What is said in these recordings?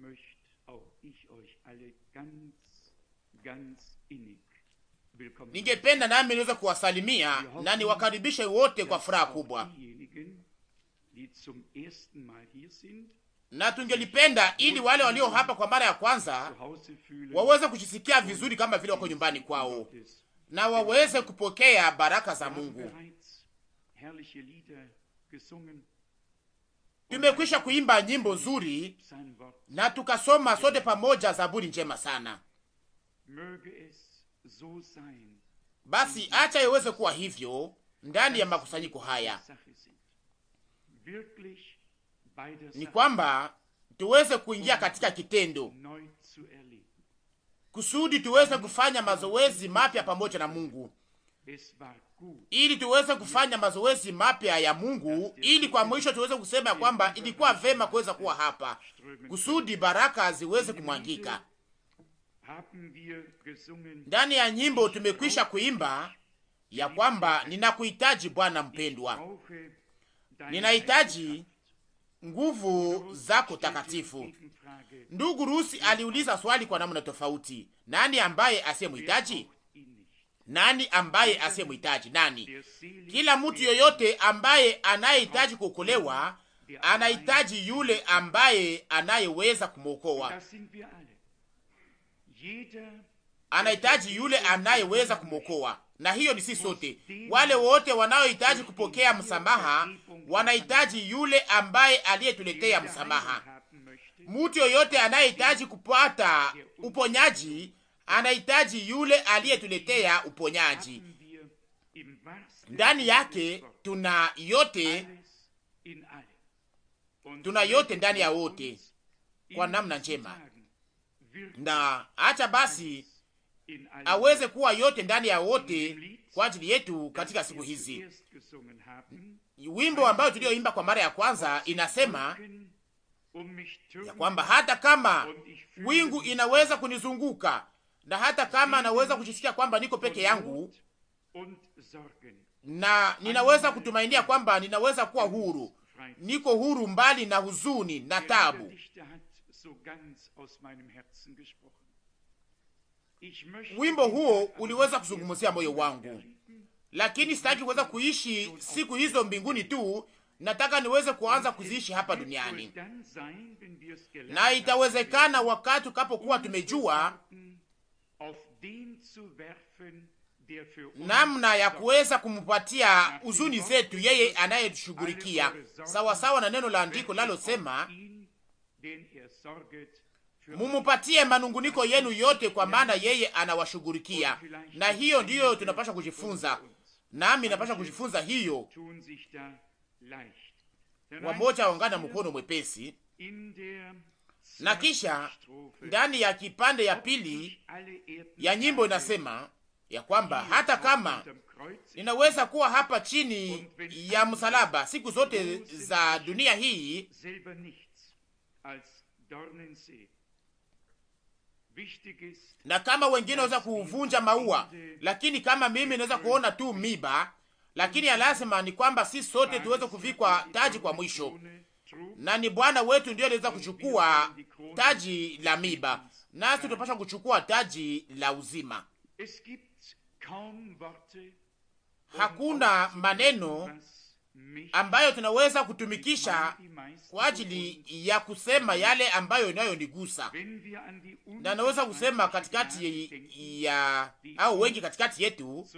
möchte auch ich euch alle ganz, ganz innig Ningependa nami niweze kuwasalimia na niwakaribishe wote kwa furaha kubwa, na tungelipenda ili wale walio hapa kwa mara ya kwanza waweze kujisikia vizuri kama vile wako nyumbani kwao na waweze kupokea baraka za Mungu. Tumekwisha kuimba nyimbo nzuri na tukasoma sote pamoja zaburi njema sana. Basi acha iweze kuwa hivyo ndani ya makusanyiko haya, ni kwamba tuweze kuingia um katika kitendo kusudi tuweze kufanya mazoezi mapya pamoja na Mungu ili tuweze kufanya mazoezi mapya ya Mungu, ili kwa mwisho tuweze kusema ya kwamba ilikuwa vema kuweza kuwa hapa, kusudi baraka ziweze kumwangika ndani ya nyimbo. Tumekwisha kuimba ya kwamba ninakuhitaji Bwana mpendwa, ninahitaji nguvu zako takatifu. Ndugu Rusi aliuliza swali kwa namna tofauti, nani ambaye asiyemhitaji? Nani ambaye asiyemhitaji? Nani? Kila mtu yoyote ambaye anayehitaji kuokolewa anahitaji yule ambaye anayeweza kumwokoa, anahitaji yule anayeweza kumwokoa, na hiyo ni sisi sote. Wale wote wanaohitaji kupokea msamaha wanahitaji yule ambaye aliyetuletea msamaha. Mtu yoyote anayehitaji kupata uponyaji anahitaji yule aliyetuletea uponyaji. Ndani yake tuna yote, tuna yote ndani ya wote kwa namna njema, na acha basi aweze kuwa yote ndani ya wote kwa ajili yetu katika siku hizi. Wimbo ambayo tulioimba kwa mara ya kwanza inasema ya kwamba hata kama wingu inaweza kunizunguka na hata kama naweza kujisikia kwamba niko peke yangu na ninaweza kutumainia kwamba ninaweza kuwa huru, niko huru mbali na huzuni na tabu. Wimbo huo uliweza kuzungumzia moyo wangu, lakini sitaki kuweza kuishi siku hizo mbinguni tu, nataka niweze kuanza kuziishi hapa duniani, na itawezekana wakati ukapokuwa tumejua namna ya kuweza kumpatia uzuni zetu yeye anayetushughulikia, sawasawa na neno la andiko linalosema er mumupatie manunguniko yenu yote, kwa maana yeye anawashughulikia. Na hiyo ndiyo tunapasha kujifunza, nami napasha kujifunza hiyo. Wamoja waungana mkono mwepesi na kisha ndani ya kipande ya pili ya nyimbo inasema ya kwamba hata kama ninaweza kuwa hapa chini ya msalaba siku zote za dunia hii, na kama wengine waweza kuvunja maua, lakini kama mimi naweza kuona tu miba, lakini ya lazima ni kwamba si sote tuweze kuvikwa taji kwa mwisho na ni Bwana wetu ndiye aliweza kuchukua taji la miba, nasi tunapaswa kuchukua taji la uzima. Hakuna maneno ambayo tunaweza kutumikisha kwa ajili ya kusema yale ambayo inayonigusa, na naweza kusema katikati ya au wengi katikati yetu,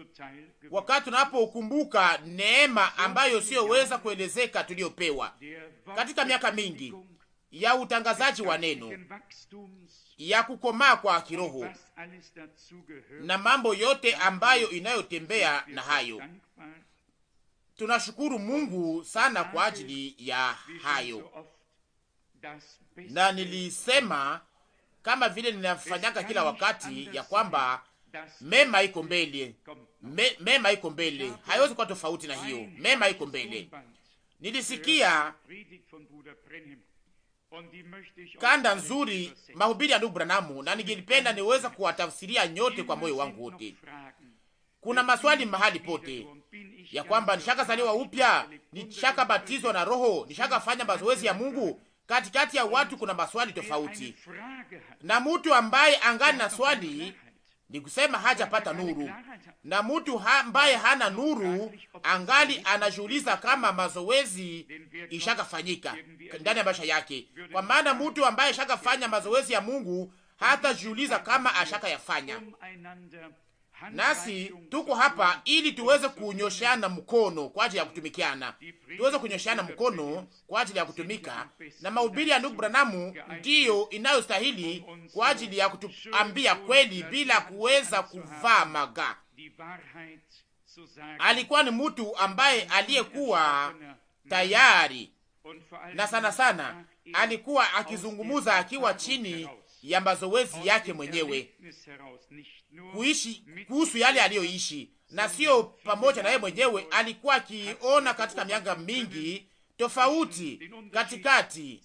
wakati tunapokumbuka neema ambayo siyoweza kuelezeka tuliyopewa katika miaka mingi ya utangazaji wa neno, ya kukomaa kwa kiroho na mambo yote ambayo inayotembea na hayo Tunashukuru Mungu sana kwa ajili ya hayo, na nilisema kama vile ninafanyaka kila wakati ya kwamba mema iko mbele Me, mema iko mbele, haiwezi kuwa tofauti na hiyo. Mema iko mbele. Nilisikia kanda nzuri, mahubiri ya ndugu Branamu, na ningependa niweza kuwatafsiria nyote kwa moyo wangu wote, kuna maswali mahali pote ya kwamba nishakazaliwa upya, nishakabatizwa na Roho, nishakafanya mazoezi ya Mungu. Katikati ya watu kuna maswali tofauti, na mtu ambaye angani na swali ni kusema hajapata nuru, na mtu ambaye hana nuru angali anajiuliza kama mazoezi ishakafanyika ndani ya maisha yake, kwa maana mtu ambaye shakafanya mazoezi ya Mungu hatajiuliza kama ashaka yafanya Nasi tuko hapa ili tuweze kunyoshana mkono kwa ajili ya kutumikiana, tuweze kunyoshana mkono kwa ajili ya kutumika, na mahubiri ya ndugu Branamu ndiyo inayostahili kwa ajili ya kutuambia kweli bila kuweza kuvaa maga. Alikuwa ni mtu ambaye aliyekuwa tayari na sana sana alikuwa akizungumuza akiwa chini ya mazoezi yake mwenyewe, kuishi kuhusu yale aliyoishi na sio pamoja na yeye mwenyewe. Alikuwa akiona katika mianga mingi tofauti katikati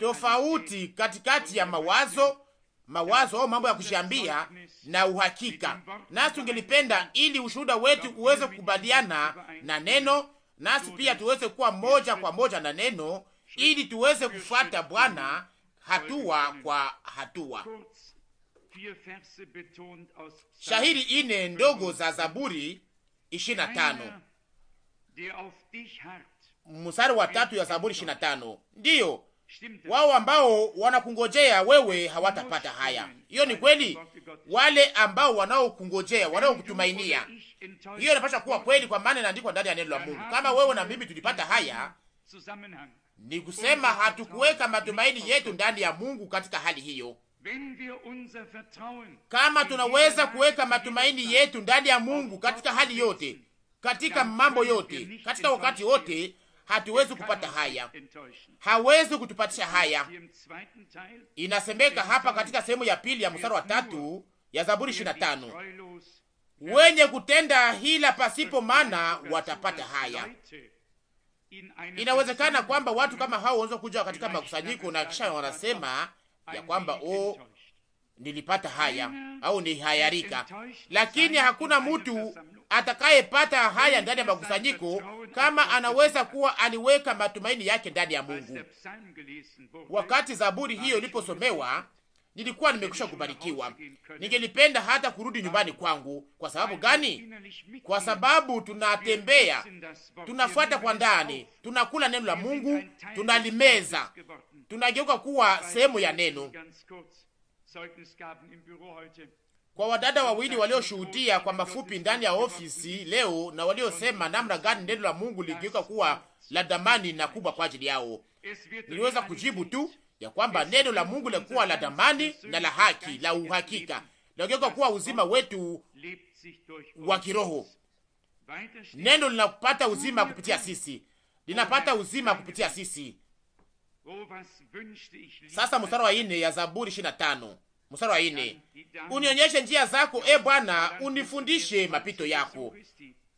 tofauti katikati ya mawazo mawazo au mambo ya kushambia na uhakika. Nasi tungelipenda ili ushuhuda wetu uweze kukubaliana na neno, nasi pia tuweze kuwa moja kwa moja na neno ili tuweze kufuata Bwana hatua kwa hatua. Shahiri ine ndogo za Zaburi 25 na wa tatu ya Zaburi 25, na ndiyo wao ambao wanakungojea wewe hawatapata haya. Hiyo ni kweli, wale ambao wanaokungojea wanaokutumainia, hiyo inapasha kuwa kweli, kwa maana inaandikwa ndani ya neno la Mungu. Kama wewe na mimi tulipata haya ni kusema hatukuweka matumaini yetu ndani ya Mungu katika hali hiyo. Kama tunaweza kuweka matumaini yetu ndani ya Mungu katika hali yote, katika mambo yote, katika wakati wote, hatuwezi kupata haya, hawezi kutupatisha haya. Inasemeka hapa katika sehemu ya pili ya mstari wa tatu ya Zaburi 25 wenye kutenda hila pasipo maana watapata haya. Inawezekana kwamba watu kama hao wanaweza kuja katika makusanyiko na kisha wanasema ya kwamba o, oh, nilipata haya au ni hayarika, lakini hakuna mtu atakayepata haya ndani ya makusanyiko kama anaweza kuwa aliweka matumaini yake ndani ya Mungu. Wakati Zaburi hiyo iliposomewa nilikuwa nimekwisha kubarikiwa. Ningelipenda hata kurudi nyumbani kwangu. Kwa sababu gani? Kwa sababu tunatembea, tunafuata kwa ndani, tunakula neno la Mungu, tunalimeza, tunageuka kuwa sehemu ya neno. Kwa wadada wawili walioshuhudia kwa mafupi ndani ya ofisi leo na waliosema namna gani neno la Mungu ligeuka kuwa la damani na kubwa kwa ajili yao, niliweza kujibu tu ya kwamba neno la Mungu lilikuwa la damani na la haki la uhakika, lageuka kuwa uzima wetu wa kiroho. Neno linapata uzima kupitia sisi, linapata uzima kupitia sisi. Sasa mstari wa ine ya Zaburi 25, na mstari wa ine: unionyeshe njia zako, e Bwana, unifundishe mapito yako,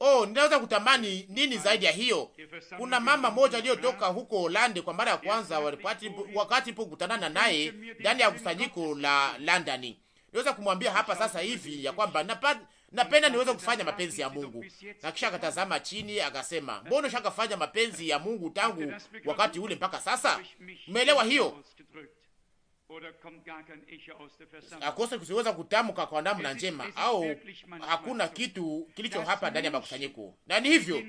Oh, ninaweza kutamani nini zaidi ya hiyo? Kuna mama moja aliyotoka huko Holandi kwa mara ya kwanza walipati, wakati ipo kukutanana naye ndani ya kusanyiko la London. Niweza kumwambia hapa sasa hivi ya kwamba napenda niweze kufanya mapenzi ya Mungu. Na kisha akatazama chini akasema, mbona shakafanya mapenzi ya Mungu tangu wakati ule mpaka sasa? Umeelewa hiyo? akose kusiweza kutamka kwa namna njema, au hakuna kitu kilicho hapa ndani ya makusanyiko. Na ni hivyo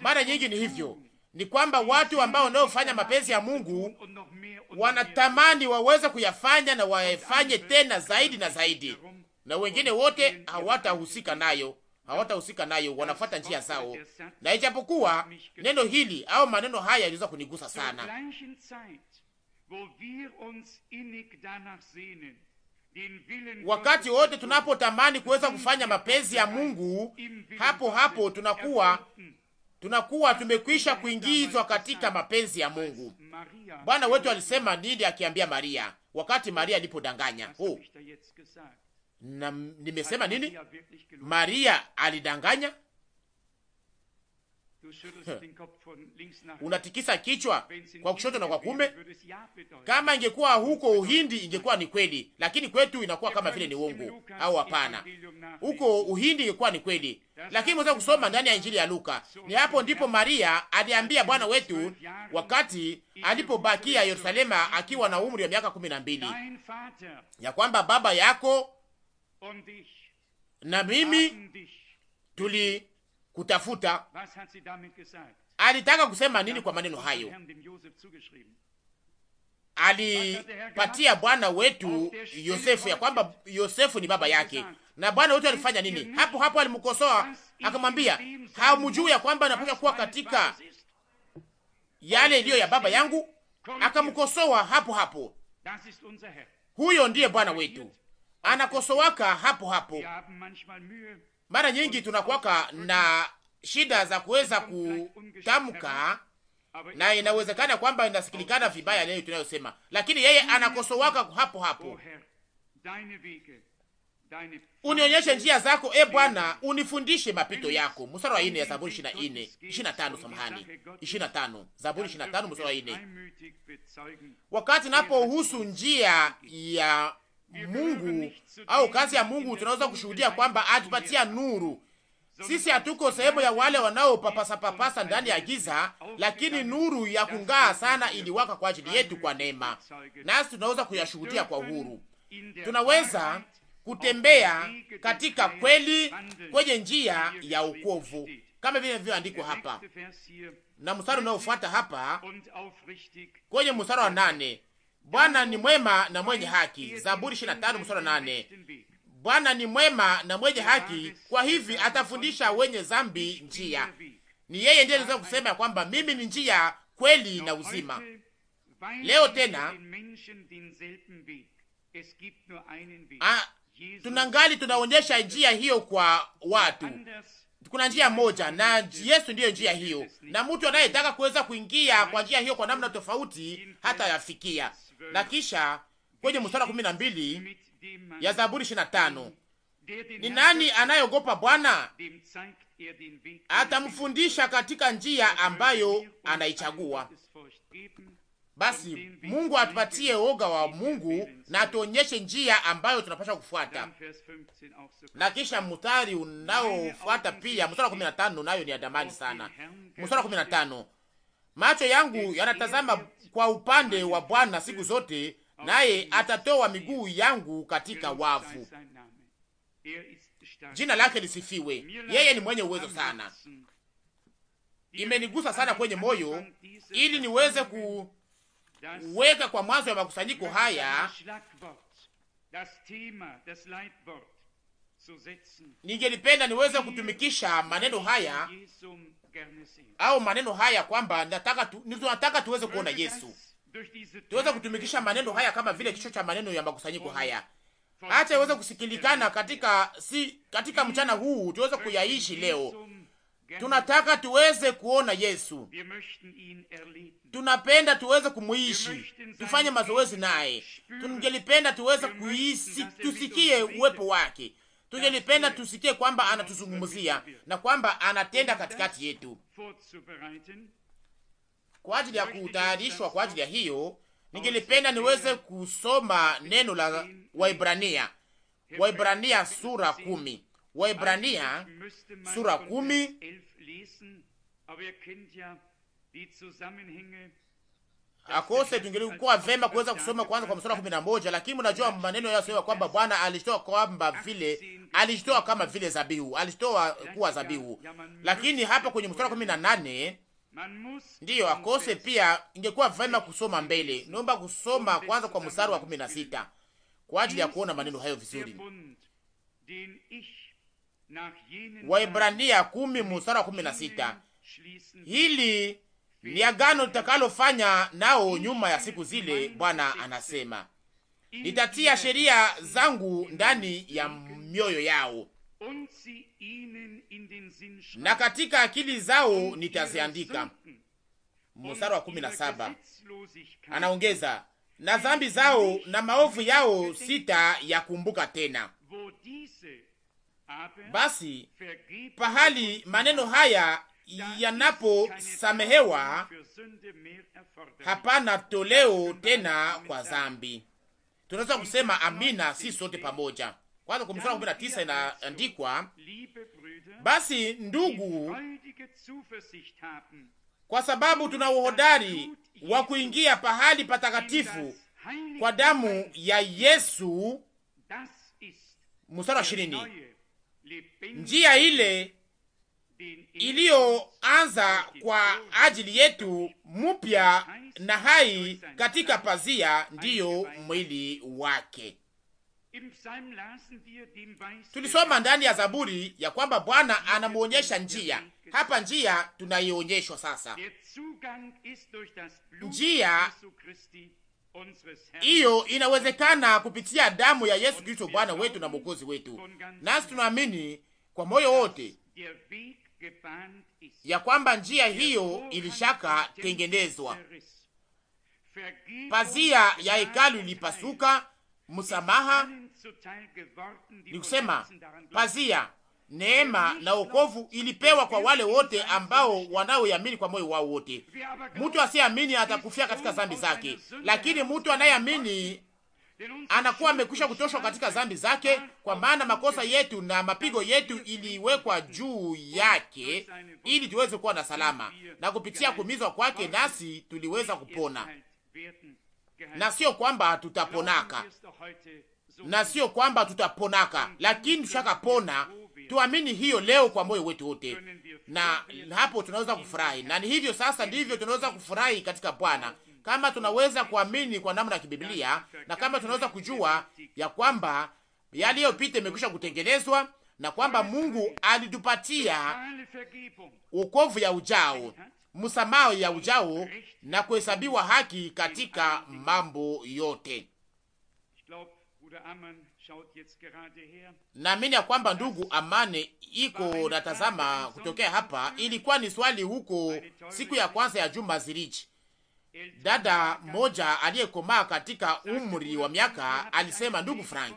mara nyingi, ni hivyo ni kwamba watu ambao wanaofanya mapenzi ya Mungu wanatamani waweze kuyafanya na wayafanye tena zaidi na zaidi, na wengine wote hawatahusika nayo, hawatahusika nayo, wanafuata njia zao. Na ijapokuwa neno hili au maneno haya yaliweza kunigusa sana Wakati wote tunapotamani kuweza kufanya mapenzi ya Mungu, hapo hapo tunakuwa tunakuwa tumekwisha kuingizwa katika mapenzi ya Mungu. Bwana wetu alisema nini akiambia Maria wakati Maria alipodanganya? Oh, na nimesema nini? Maria alidanganya? unatikisa kichwa kwa kushoto na kwa kume. Kama ingekuwa huko Uhindi ingekuwa ni kweli, lakini kwetu inakuwa kama vile ni uongo au hapana? Huko Uhindi ingekuwa ni kweli, lakini mweza kusoma ndani ya Injili ya Luka, ni hapo ndipo Maria aliambia Bwana wetu wakati alipobakia Yerusalema akiwa na umri wa miaka kumi na mbili ya kwamba baba yako na mimi tuli kutafuta. Alitaka kusema nini kwa maneno hayo? Alipatia bwana wetu Yosefu ya kwamba Yosefu ni baba yake, na bwana wetu alifanya nini hapo hapo? Alimkosoa akamwambia, hamjui ya kwamba napasha kuwa katika yale iliyo ya baba yangu? Akamkosoa hapo hapo. Huyo ndiye bwana wetu, anakosowaka hapo hapo. Mara nyingi tunakuwaka na shida za kuweza kutamka na inawezekana kwamba inasikilikana vibaya leo tunayosema, lakini yeye anakosowaka hapo hapo. Unionyeshe njia zako, e Bwana, unifundishe mapito yako. Mstari wa 4 ya Zaburi 24 25, samahani, 25, Zaburi 25 mstari wa 4, wakati napohusu njia ya Mungu au kazi ya Mungu, tunaweza kushuhudia kwamba atupatia nuru. Sisi hatuko sehemu ya wale wanaopapasa papasa ndani ya giza, lakini nuru ya kung'aa sana iliwaka kwa ajili yetu kwa neema, nasi tunaweza kuyashuhudia kwa uhuru. Tunaweza kutembea katika kweli kwenye njia ya ukovu kama vile vilivyoandikwa hapa na mstari unaofuata hapa kwenye mstari wa nane Bwana ni mwema na mwenye haki. Zaburi 25 mstari nane. Bwana ni mwema na mwenye haki, kwa hivi atafundisha wenye zambi njia. Ni yeye ndiye anaweza kusema kwamba mimi ni njia, kweli na uzima. Leo tena a, tunangali tunaonyesha njia hiyo kwa watu. Kuna njia moja na Yesu ndiyo njia hiyo, na mtu anayetaka kuweza kuingia kwa njia hiyo kwa namna tofauti hata yafikia na kisha kwenye mstari wa kumi na mbili ya Zaburi ishirini na tano ni nani anayeogopa Bwana? Atamfundisha katika njia ambayo anaichagua. Basi Mungu atupatie woga wa Mungu na atuonyeshe njia ambayo tunapaswa kufuata. Na kisha mstari unaofuata pia, mstari wa 15 nayo ni ya damani sana. Mstari wa 15 Macho yangu yanatazama kwa upande wa Bwana siku zote, naye atatoa miguu yangu katika wavu. Jina lake lisifiwe. Yeye ni mwenye uwezo sana, imenigusa sana kwenye moyo, ili niweze kuweka kwa mwanzo ya makusanyiko haya. Ningelipenda niweze kutumikisha maneno haya au maneno haya kwamba tunataka tu, tuweze kuona Yesu, tuweze kutumikisha maneno haya kama vile kichwa cha maneno ya makusanyiko haya, acha iweze kusikilikana katika si katika mchana huu, tuweze kuyaishi leo. Tunataka tuweze kuona Yesu, tunapenda tuweze kumuishi, tufanye mazoezi naye. Tungelipenda tuweze kuhisi, tusikie uwepo wake tungelipenda tusikie kwamba anatuzungumzia na kwamba anatenda katikati yetu kwa ajili ya kutayarishwa kwa ajili ya hiyo. Ningelipenda niweze kusoma neno la Waibrania, Waibrania sura kumi, Waibrania sura kumi akose, tungelikuwa vema kuweza kusoma kwanza kwa msura wa kumi na moja, lakini mnajua maneno yanayosema kwamba Bwana alishtoa kwamba vile alishtoa kama vile zabihu, alishtoa kuwa zabihu. Lakini hapa kwenye msura wa kumi na nane ndiyo akose pia, ingekuwa vema kusoma mbele. Naomba kusoma kwanza kwa mstari wa kumi na sita kwa ajili ya kuona maneno hayo vizuri. Waibrania kumi mstari wa kumi na sita hili ni agano litakalofanya nao nyuma ya siku zile, Bwana anasema, nitatia sheria zangu ndani ya mioyo yao na katika akili zao nitaziandika. Mstari wa kumi na saba anaongeza na dhambi zao na maovu yao sita yakumbuka tena. Basi pahali maneno haya yanaposamehewa, hapana toleo tena kwa zambi. Tunaweza kusema amina, si sote pamoja. Kwanza kwa mstari kumi na tisa inaandikwa basi ndugu, kwa sababu tuna uhodari wa kuingia pahali patakatifu kwa damu ya Yesu. Mstari wa ishirini, njia ile iliyoanza kwa ajili yetu mupya na hai katika pazia, ndiyo mwili wake. Tulisoma ndani ya Zaburi ya kwamba Bwana anamwonyesha njia. Hapa njia tunaionyeshwa sasa, njia hiyo inawezekana kupitia damu ya Yesu Kristo Bwana wetu na Mwokozi wetu, nasi tunaamini kwa moyo wote ya kwamba njia hiyo ilishaka tengenezwa, pazia ya hekalu ilipasuka. Msamaha ni kusema pazia, neema na wokovu ilipewa kwa wale wote ambao wanaoamini kwa moyo wao wote. Mtu asiyeamini atakufia katika dhambi zake, lakini mtu anayeamini anakuwa amekwisha kutoshwa katika dhambi zake, kwa maana makosa yetu na mapigo yetu iliwekwa juu yake ili tuweze kuwa na salama, na kupitia kumizwa kwake nasi tuliweza kupona, na sio kwamba tutaponaka, na sio kwamba tutaponaka, lakini tushaka pona Tuamini hiyo leo kwa moyo wetu wote, na hapo tunaweza kufurahi, na ni hivyo sasa ndivyo tunaweza kufurahi katika Bwana kama tunaweza kuamini kwa namna ya kibiblia na kama tunaweza kujua ya kwamba yaliyopita imekwisha kutengenezwa na kwamba Mungu alitupatia ukovu ya ujao, msamao ya ujao na kuhesabiwa haki katika mambo yote. Naamini ya kwamba ndugu Amane iko natazama kutokea hapa. Ilikuwa ni swali huko siku ya kwanza ya juma Ziriji dada moja aliyekomaa katika umri wa miaka alisema, ndugu Frank,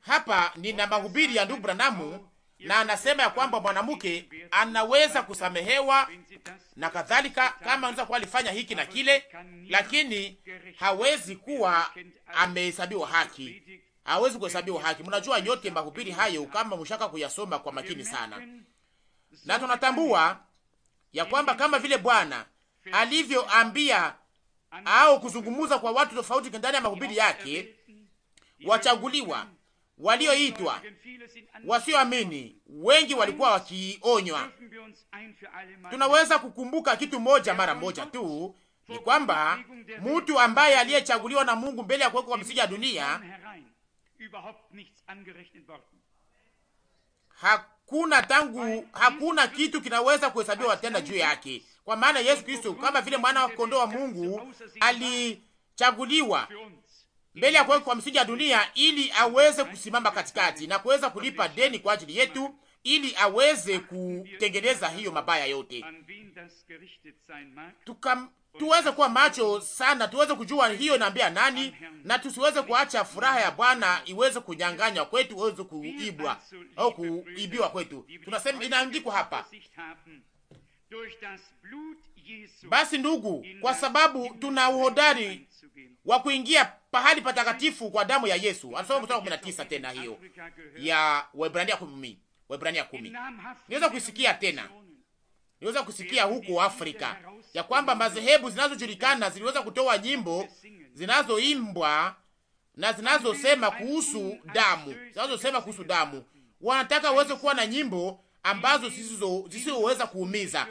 hapa nina mahubiri ya ndugu Branamu na anasema ya kwamba mwanamke anaweza kusamehewa na kadhalika, kama anaweza kuwa alifanya hiki na kile, lakini hawezi kuwa amehesabiwa haki, hawezi kuhesabiwa haki. Mnajua nyote mahubiri hayo, kama mshaka kuyasoma kwa makini sana, na tunatambua ya kwamba kama vile Bwana alivyoambia au kuzungumuza kwa watu tofauti ndani ya mahubiri yake, wachaguliwa walioitwa, wasioamini, wengi walikuwa wakionywa. Tunaweza kukumbuka kitu moja mara moja tu, ni kwamba mtu ambaye aliyechaguliwa na Mungu mbele ya kuwekwa kwa misingi ya dunia ha kuna tangu hakuna kitu kinaweza kuhesabiwa tena juu yake, kwa maana Yesu Kristo kama vile mwana wa kondoo wa Mungu alichaguliwa mbele ya kuwekwa kwa msingi ya dunia ili aweze kusimama katikati na kuweza kulipa deni kwa ajili yetu ili aweze kutengeneza hiyo mabaya yote. Tuka, tuweze kuwa macho sana, tuweze kujua hiyo inaambia nani, na tusiweze kuacha furaha ya Bwana iweze kunyang'anywa kwetu, iweze kuibwa au kuibiwa kwetu. Tunasema, inaandikwa hapa basi ndugu, kwa sababu tuna uhodari wa kuingia pahali patakatifu kwa damu ya Yesu. Anasoma kutoka kumi na tisa tena hiyo ya Waebrania kumi, Waebrania kumi. Niweza kusikia tena, niweza kusikia huko Afrika ya kwamba madhehebu zinazojulikana ziliweza kutoa nyimbo zinazoimbwa na zinazosema kuhusu damu, zinazosema kuhusu damu. Wanataka waweze kuwa na nyimbo ambazo zisizoweza kuumiza,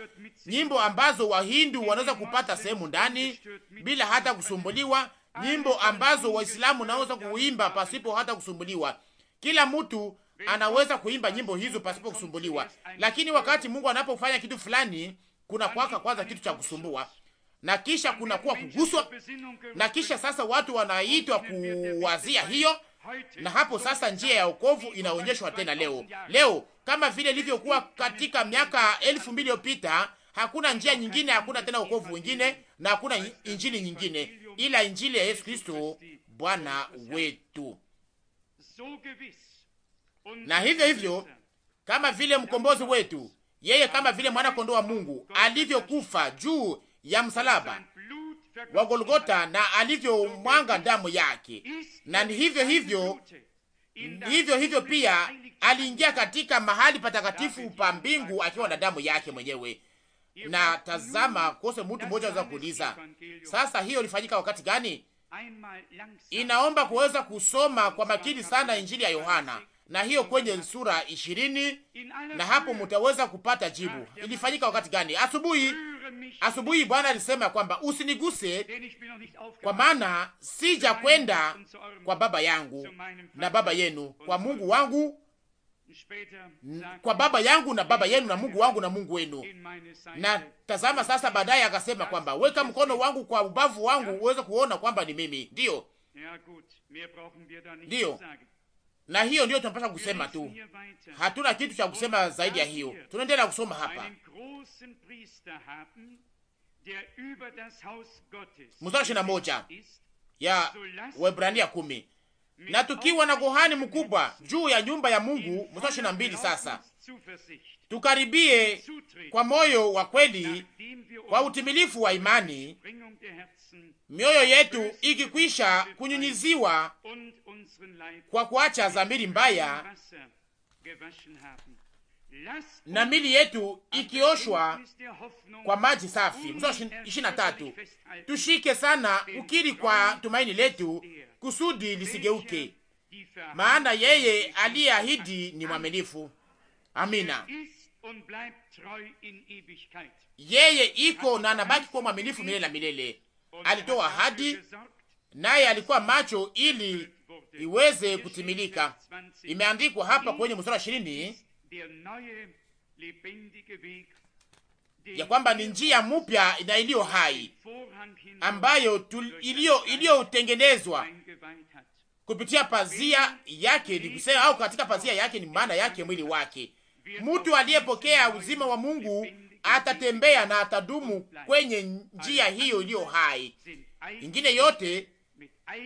nyimbo ambazo Wahindu wanaweza kupata sehemu ndani bila hata kusumbuliwa, nyimbo ambazo Waislamu wanaweza kuimba pasipo hata kusumbuliwa. Kila mtu anaweza kuimba nyimbo hizo pasipo kusumbuliwa, lakini wakati Mungu anapofanya kitu fulani kuna yaani kwaka kwanza kitu cha kusumbua na kisha kuna kuwa kuguswa, na kisha sasa watu wanaitwa kuwazia hiyo, na hapo sasa njia ya wokovu inaonyeshwa tena leo. Leo kama vile ilivyokuwa katika miaka elfu mbili iliyopita, hakuna njia nyingine, hakuna tena wokovu wengine, na hakuna injili nyingine ila injili ya Yesu Kristo Bwana wetu. Na hivyo hivyo, kama vile mkombozi wetu yeye kama vile mwana kondoo wa Mungu alivyokufa juu ya msalaba wa Golgota na alivyomwanga damu yake, na ni hivyo hivyo hivyo hivyo pia aliingia katika mahali patakatifu pa mbingu akiwa na damu yake mwenyewe. Na tazama, kose mtu mmoja anaweza kuuliza sasa, hiyo ilifanyika wakati gani? Inaomba kuweza kusoma kwa makini sana Injili ya Yohana na hiyo kwenye sura ishirini, na hapo mutaweza kupata jibu. Ilifanyika wakati gani? Asubuhi, asubuhi Bwana alisema kwamba usiniguse, kwa maana sija kwenda kwa baba yangu na baba yenu, kwa Mungu wangu kwa baba yangu na baba yenu, na Mungu wangu na Mungu wenu. Na tazama sasa, baadaye akasema kwamba weka mkono wangu kwa ubavu wangu uweze kuona kwamba ni mimi. Ndiyo, ndiyo na hiyo ndiyo tunapasha kusema tu, hatuna kitu cha kusema zaidi ya hiyo. Tunaendelea kusoma hapa mstari ishirini na moja ya Waebrania kumi na tukiwa na kuhani mkubwa juu ya nyumba ya Mungu. Mstari ishirini na mbili sasa tukaribie kwa moyo wa kweli, kwa utimilifu wa imani, mioyo yetu ikikwisha kunyunyiziwa kwa kuacha zamiri mbaya na mili yetu ikioshwa kwa maji safi. ishirini na tatu. Tushike sana ukiri kwa tumaini letu kusudi lisigeuke, maana yeye aliyeahidi ni mwaminifu. Amina. Yeye iko na anabaki kuwa mwaminifu milele na milele. Alitoa ahadi, naye alikuwa macho ili iweze kutimilika. Imeandikwa hapa kwenye mstari wa ishirini ya kwamba ni njia mpya na iliyo hai ambayo iliyotengenezwa kupitia pazia yake, kusema au katika pazia yake, ni maana yake mwili wake Mtu aliyepokea uzima wa Mungu atatembea na atadumu kwenye njia hiyo iliyo hai. Ingine yote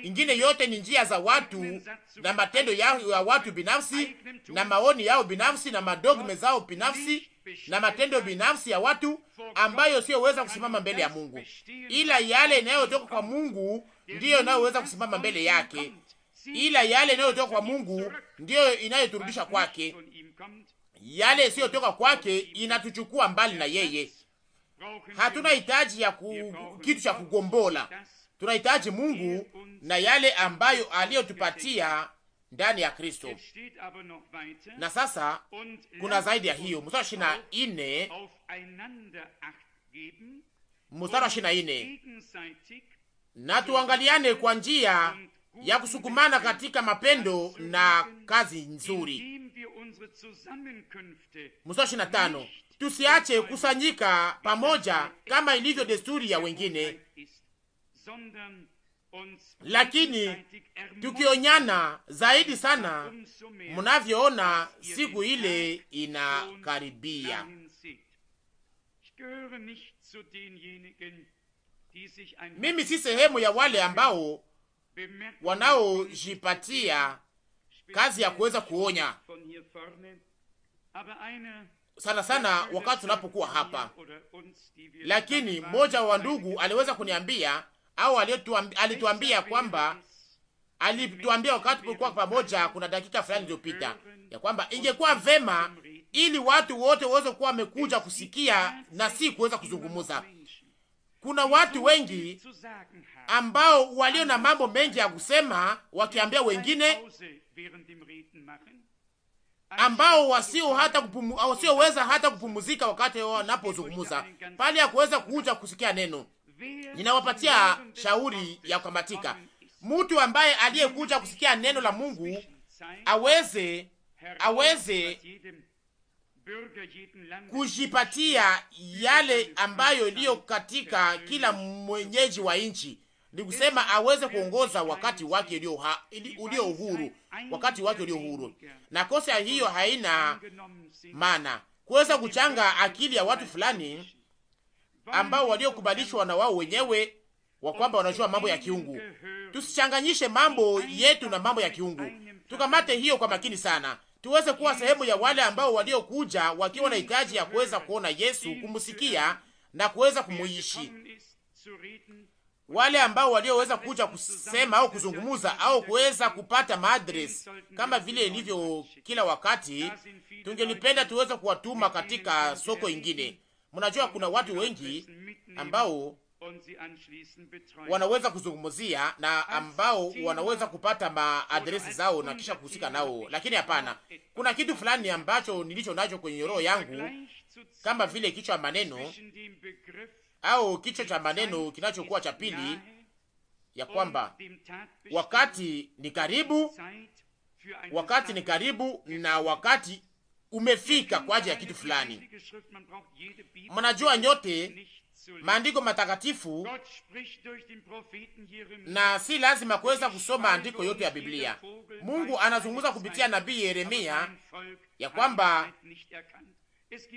ingine yote ni njia za watu na matendo yao ya watu binafsi na maoni yao binafsi na madogme zao binafsi na matendo binafsi ya watu ambayo siyoweza kusimama mbele ya Mungu, ila yale inayotoka kwa Mungu ndiyo inayoweza kusimama mbele yake, ila yale inayotoka kwa Mungu ndiyo inayoturudisha kwake yale isiyotoka kwake inatuchukua mbali na yeye. Hatuna hitaji ya ku, kitu cha kugombola. Tunahitaji Mungu na yale ambayo aliyotupatia ndani ya Kristo. Na sasa kuna zaidi ya hiyo, mstari ishirini na nne mstari wa ishirini na nne na tuangaliane kwa njia ya kusukumana katika mapendo na kazi nzuri mstari ishirini na tano tusiache kusanyika pamoja kama ilivyo desturi ya wengine, lakini tukionyana zaidi sana, mnavyoona siku ile inakaribia. Mimi si sehemu ya wale ambao wanaojipatia kazi ya kuweza kuonya sana sana wakati tunapokuwa hapa, lakini mmoja wa ndugu aliweza kuniambia au alituambia kwamba alituambia wakati tulikuwa pamoja, kuna dakika fulani iliyopita, ya kwamba ingekuwa vema ili watu wote waweze kuwa wamekuja kusikia na si kuweza kuzungumza. Kuna watu wengi ambao walio na mambo mengi ya kusema wakiambia wengine ambao wasio hata kupumu, wasioweza hata kupumuzika wakati wanapozungumza pale ya kuweza kuja kusikia neno. Ninawapatia shauri ya kukamatika, mtu ambaye aliyekuja kusikia neno la Mungu aweze aweze kujipatia yale ambayo iliyo katika kila mwenyeji wa nchi ni kusema aweze kuongoza wakati wake ulio uhuru, wakati wake ulio uhuru. Na kosa hiyo haina maana kuweza kuchanga akili ya watu fulani ambao waliokubalishwa na wao wenyewe wa kwamba wanajua mambo ya kiungu. Tusichanganyishe mambo yetu na mambo ya kiungu, tukamate hiyo kwa makini sana, tuweze kuwa sehemu ya wale ambao waliokuja wakiwa na hitaji ya kuweza kuona Yesu, kumsikia na kuweza kumuishi wale ambao walioweza kuja kusema au kuzungumuza au kuweza kupata maadres kama vile ilivyo kila wakati, tungelipenda tuweze kuwatuma katika soko ingine. Mnajua kuna watu wengi ambao wanaweza kuzungumzia na ambao wanaweza kupata maadresi zao na kisha kuhusika nao, lakini hapana, kuna kitu fulani ambacho nilicho nacho kwenye roho yangu kama vile kichwa maneno au kichwa cha maneno kinachokuwa cha pili, ya kwamba wakati ni karibu, wakati ni karibu na wakati umefika kwa ajili ya kitu fulani. Mnajua nyote maandiko matakatifu, na si lazima kuweza kusoma andiko yote ya Biblia. Mungu anazungumza kupitia nabii Yeremia ya kwamba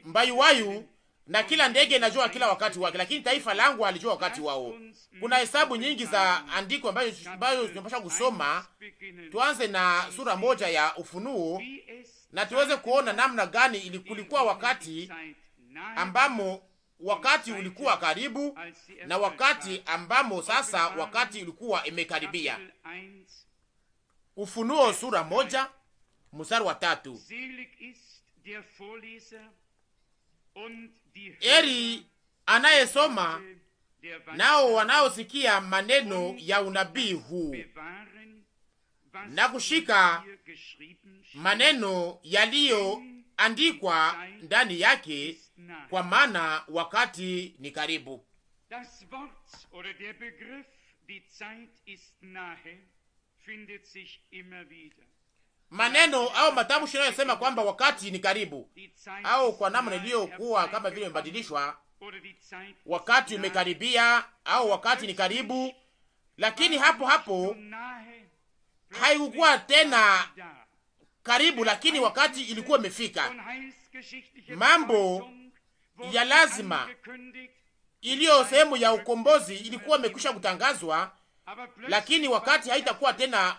mbayuwayu na kila ndege inajua kila wakati wake, lakini taifa langu alijua wakati wao. Kuna hesabu nyingi za andiko ambayo ambayo tunapasha kusoma. Tuanze na sura moja ya Ufunuo na tuweze kuona namna gani ilikulikuwa wakati ambamo wakati ulikuwa karibu na wakati ambamo sasa wakati ulikuwa imekaribia. Ufunuo sura moja mstari wa tatu eri anayesoma nao wanaosikia maneno ya unabii huu na kushika maneno yaliyoandikwa ndani yake, kwa maana wakati ni karibu maneno au matamshi yanayosema kwamba wakati ni karibu, au kwa namna iliyokuwa kama vile imebadilishwa, wakati umekaribia au wakati ni karibu, lakini hapo hapo haikukuwa tena karibu, lakini wakati ilikuwa imefika. Mambo ya lazima iliyo sehemu ya ukombozi ilikuwa imekwisha kutangazwa, lakini wakati haitakuwa tena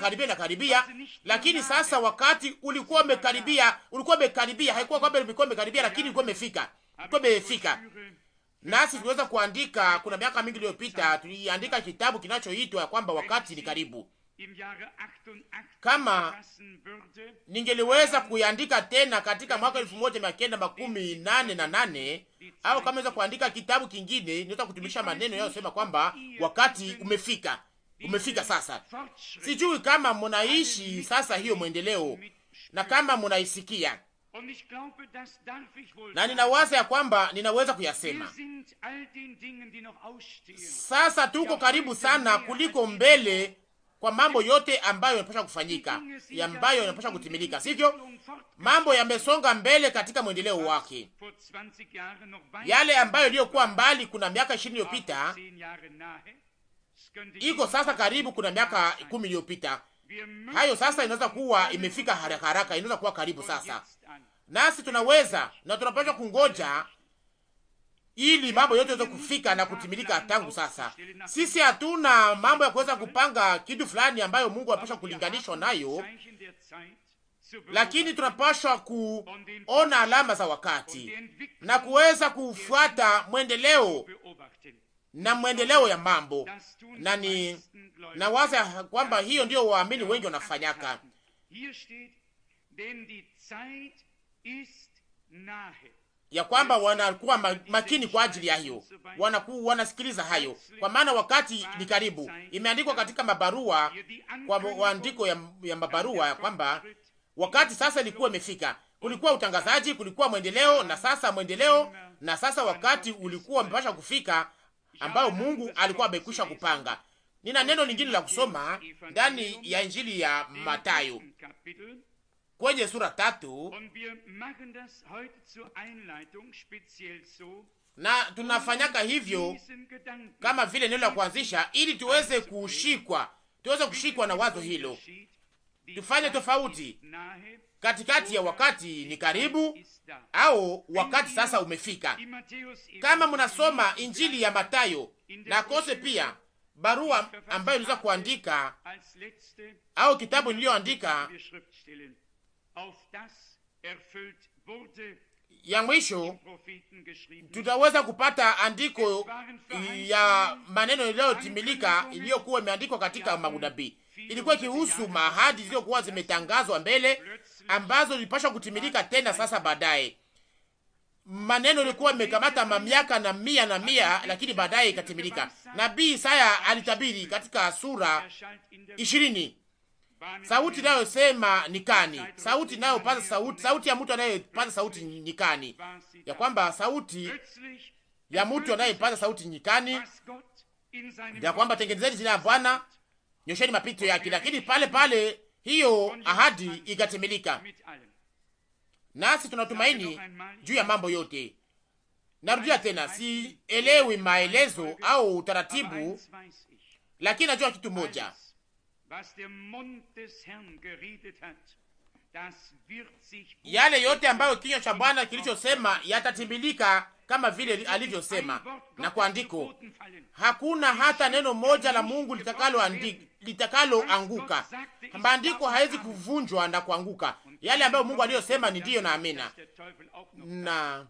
karibia na karibia, lakini sasa wakati ulikuwa umekaribia, ulikuwa umekaribia, haikuwa kwamba ilikuwa umekaribia, lakini ilikuwa imefika, ilikuwa imefika. Nasi tuliweza kuandika, kuna miaka mingi iliyopita tuliandika kitabu kinachoitwa kwamba wakati ni karibu. Kama ningeliweza kuiandika tena katika mwaka elfu moja mia kenda makumi nane na nane au kama weza kuandika kitabu kingine, niweza kutumisha maneno yayosema kwamba wakati umefika umefika sasa. Sijui kama mnaishi sasa hiyo mwendeleo na kama munaisikia, na ninawaza ya kwamba ninaweza kuyasema sasa. Tuko karibu sana kuliko mbele kwa mambo yote ambayo yanapaswa kufanyika, ambayo yanapaswa kutimilika, sivyo? Mambo yamesonga mbele katika mwendeleo wake. Yale ambayo iliyokuwa mbali kuna miaka ishirini iliyopita iko sasa karibu, kuna miaka kumi iliyopita. Hayo sasa inaweza kuwa imefika haraka haraka, inaweza kuwa karibu sasa, nasi tunaweza na tunapaswa kungoja ili mambo yote yaweze kufika na kutimilika tangu sasa. Sisi hatuna mambo ya kuweza kupanga kitu fulani ambayo Mungu anapaswa kulinganishwa nayo, lakini tunapaswa kuona alama za wakati na kuweza kufuata mwendeleo na mwendeleo ya mambo na ni kwamba hiyo ndiyo waamini wengi wanafanyaka. Ya kwamba wanakuwa makini kwa ajili ya hiyo, wanakuwa wanasikiliza hayo, kwa maana wakati ni karibu. Imeandikwa katika mabarua kwa maandiko ya, ya mabarua ya kwamba wakati sasa ilikuwa imefika. Kulikuwa utangazaji, kulikuwa mwendeleo, na sasa mwendeleo, na sasa wakati ulikuwa umepasha kufika ambayo Mungu alikuwa amekwisha kupanga. Nina neno lingine la kusoma ndani ya Injili ya Mathayo kwenye sura tatu na tunafanyaka hivyo um kama vile neno la kuanzisha, ili tuweze kushikwa, tuweze kushikwa na wazo hilo tufanye tofauti katikati ya wakati ni karibu au wakati sasa umefika. Kama mnasoma injili ya Matayo na kose pia barua ambayo iliweza kuandika au kitabu niliyoandika ya mwisho, tutaweza kupata andiko ya maneno iliyotimilika iliyokuwa imeandikwa katika maunabii ilikuwa ikihusu mahadi zilizokuwa zimetangazwa mbele ambazo zilipashwa kutimilika tena sasa baadaye. Maneno ilikuwa imekamata mamiaka na mia na mia, lakini baadaye ikatimilika. Nabii Isaya alitabiri katika sura ishirini sauti inayosema nikani, sauti inayopaza sauti, sauti ya mtu anayepaza sauti nikani, ya kwamba sauti ya mtu anayepaza sauti nyikani, ya kwamba tengenezeni jina ya Bwana nyosheni mapito yake, lakini pale pale hiyo ahadi ikatimilika, nasi tunatumaini juu ya mambo yote. Narudia tena, sielewi maelezo au utaratibu, lakini najua kitu moja yale yote ambayo kinywa cha Bwana kilichosema yatatimilika kama vile alivyosema na kuandiko hakuna hata neno moja la Mungu litakaloanguka litakalo maandiko hawezi kuvunjwa na kuanguka. Yale ambayo Mungu aliyosema ni ndiyo na amina, na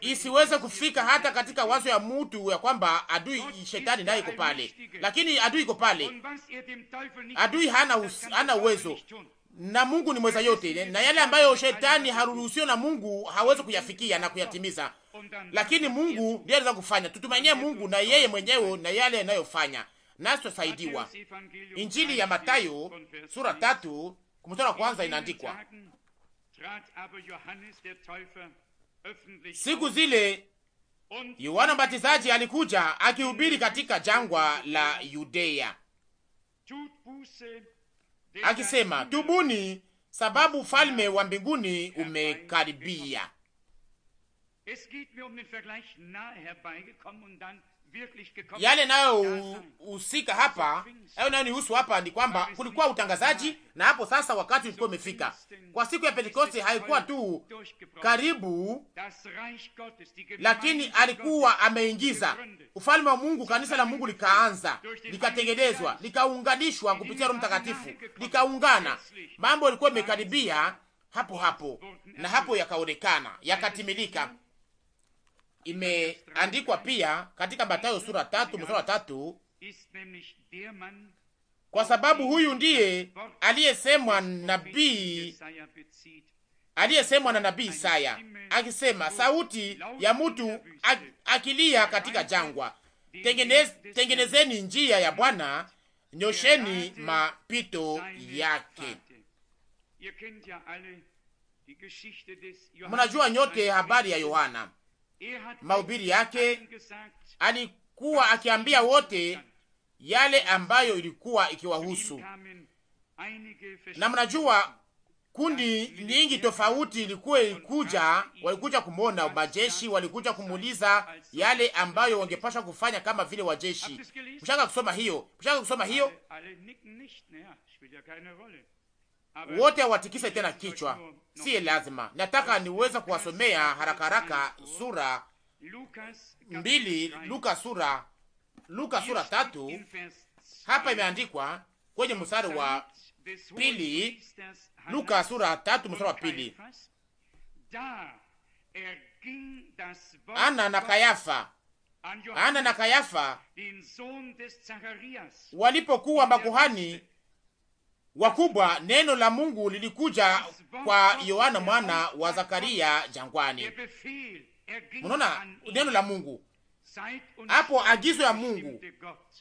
isiweze kufika hata katika wazo ya mtu ya kwamba adui shetani naye iko pale, lakini adui iko pale, adui hana, us, hana uwezo na Mungu ni mweza yote, na yale ambayo shetani haruhusiwe na Mungu hawezi kuyafikia na kuyatimiza, lakini Mungu ndiye anaweza kufanya. Tutumainie Mungu na yeye mwenyewe na yale anayofanya, nasi tusaidiwa. Injili ya Mathayo sura tatu kumstari wa kwanza inaandikwa, siku zile Yohana Mbatizaji alikuja akihubiri katika jangwa la Yudea akisema, tubuni, sababu ufalme wa mbinguni umekaribia yale nayohusika hapa au nayonihusu hapa ni kwamba kulikuwa utangazaji, na hapo sasa wakati ulikuwa umefika kwa siku ya Pentekoste. Haikuwa tu karibu, lakini alikuwa ameingiza ufalme wa Mungu. Kanisa la Mungu likaanza, likatengenezwa, likaunganishwa kupitia Roho Mtakatifu, likaungana. Mambo yalikuwa imekaribia hapo hapo, na hapo yakaonekana, yakatimilika imeandikwa pia katika Mathayo sura tatu mstari wa tatu kwa sababu huyu ndiye aliyesemwa nabii aliyesemwa na nabii Isaya akisema, sauti ya mtu akilia katika jangwa, tengenez, tengenezeni njia ya Bwana, nyosheni mapito yake. Mnajua nyote habari ya Yohana mahubiri yake alikuwa akiambia wote yale ambayo ilikuwa ikiwahusu, na mnajua kundi nyingi tofauti ilikuwa ilikuja, walikuja kumwona majeshi, walikuja kumuuliza yale ambayo wangepashwa kufanya kama vile wajeshi. Mshaka kusoma hiyo, mshaka kusoma hiyo wote watikise tena kichwa, si lazima. Nataka niweza kuwasomea haraka haraka sura mbili, Luka sura Luka sura tatu. Hapa imeandikwa kwenye mstari wa pili, Luka sura tatu mstari wa pili. Ana na Kayafa, Ana na Kayafa walipokuwa makuhani wakubwa. Neno la Mungu lilikuja kwa Yohana mwana wa Zakaria jangwani. Mnaona neno la Mungu hapo, agizo ya Mungu,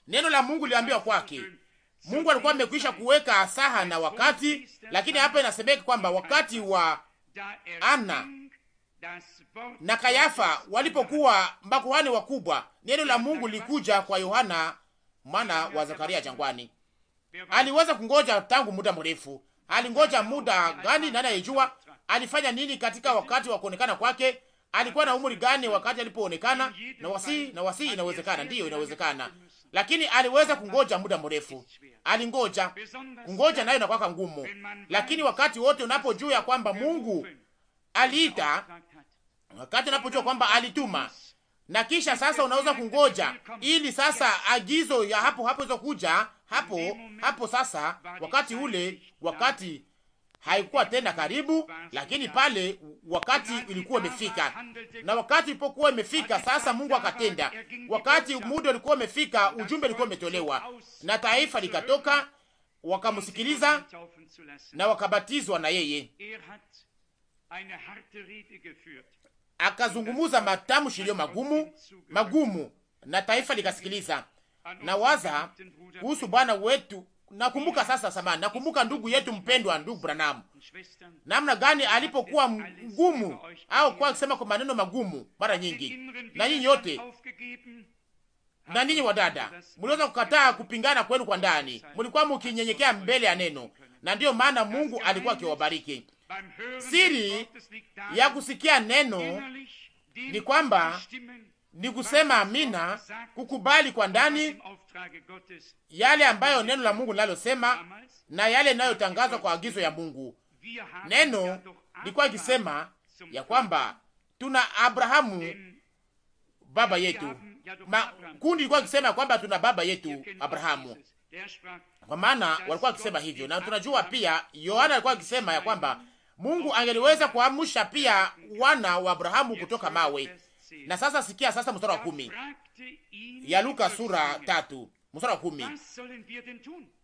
neno la Mungu liliambiwa kwake. Mungu alikuwa amekwisha kuweka saha na wakati, lakini hapa inasemeka kwamba wakati wa Ana na Kayafa walipokuwa makuhani wakubwa, neno la Mungu lilikuja kwa Yohana mwana wa Zakaria jangwani aliweza kungoja tangu muda mrefu. Alingoja muda gani? Nani anayejua? Alifanya nini katika wakati wa kuonekana kwake? Alikuwa na umri gani wakati alipoonekana? Na wasi na wasi, inawezekana, ndiyo, inawezekana, lakini aliweza kungoja muda mrefu. Alingoja kungoja, nayo inakuwa ngumu, lakini wakati wote unapojua kwamba Mungu aliita, wakati unapojua kwamba alituma na kisha sasa unaweza kungoja ili sasa agizo ya hapo hapo izo kuja hapo hapo sasa. Wakati ule wakati haikuwa tena karibu, lakini pale wakati ilikuwa imefika, na wakati ilipokuwa imefika sasa, Mungu akatenda. Wakati muda ulikuwa umefika, ujumbe ulikuwa umetolewa na taifa likatoka, wakamsikiliza na wakabatizwa na yeye er akazungumuza matamshi iliyo magumu magumu, na taifa likasikiliza. Na waza kuhusu bwana wetu, nakumbuka sasa, samani, nakumbuka ndugu yetu mpendwa, ndugu Branham, namna gani alipokuwa mgumu au kwa kusema kwa maneno magumu mara nyingi. Na nyinyi yote na ninyi wadada, mliweza kukataa kupingana kwenu kwa ndani, mlikuwa mkinyenyekea mbele ya neno, na ndiyo maana Mungu alikuwa akiwabariki. Siri ya kusikia neno ni kwamba ni kusema amina, kukubali kwa ndani yale ambayo neno la Mungu linalosema na yale inayotangazwa kwa agizo ya Mungu. Neno likuwa ikisema ya kwamba tuna Abrahamu baba yetu, makundi likuwa ikisema ya kwamba tuna baba yetu Abrahamu, kwa maana walikuwa wakisema hivyo, na tunajua pia Yohana alikuwa akisema ya kwamba Mungu angeliweza kuamsha pia wana wa Abrahamu kutoka mawe. Na sasa sikia sasa mstari wa kumi ya Luka sura tatu mstari wa kumi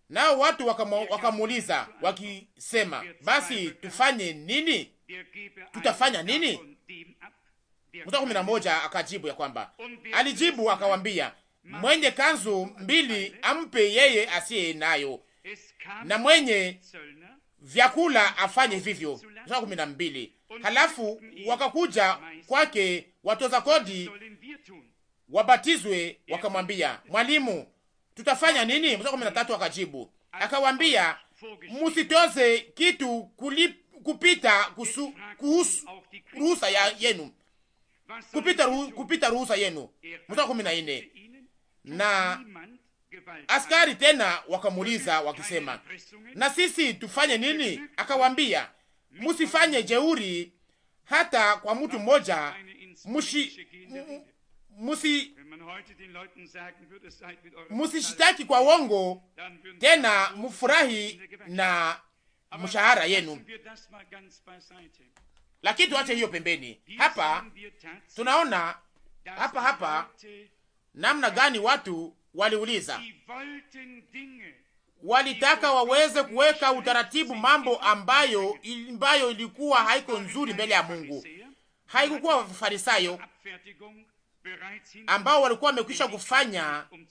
nao watu wakamuuliza wakisema, basi tufanye nini? Tutafanya nini? Mstari wa kumi na moja akajibu ya kwamba alijibu akawambia, mwenye kanzu mbili ampe yeye asiye nayo, na mwenye vyakula afanye vivyo. kumi na mbili. Halafu wakakuja kwake watoza kodi wabatizwe, wakamwambia mwalimu, tutafanya nini? kumi na tatu. Akajibu akawambia musitoze kitu kulip, kupita kusu, kuhusu ruhusa ya yenu kupita, ru, kupita ruhusa yenu. kumi na nne na Askari tena wakamuuliza wakisema, na sisi tufanye nini? Akawambia, musifanye jeuri hata kwa mtu mmoja, mushi musi musishitaki kwa wongo, tena mufurahi na mshahara yenu. Lakini tuache hiyo pembeni. Hapa tunaona hapa hapa namna gani? Watu waliuliza, walitaka waweze kuweka utaratibu mambo ambayo ambayo ilikuwa haiko nzuri mbele ya Mungu. Haikukuwa Farisayo ambao walikuwa wamekwisha kufanya um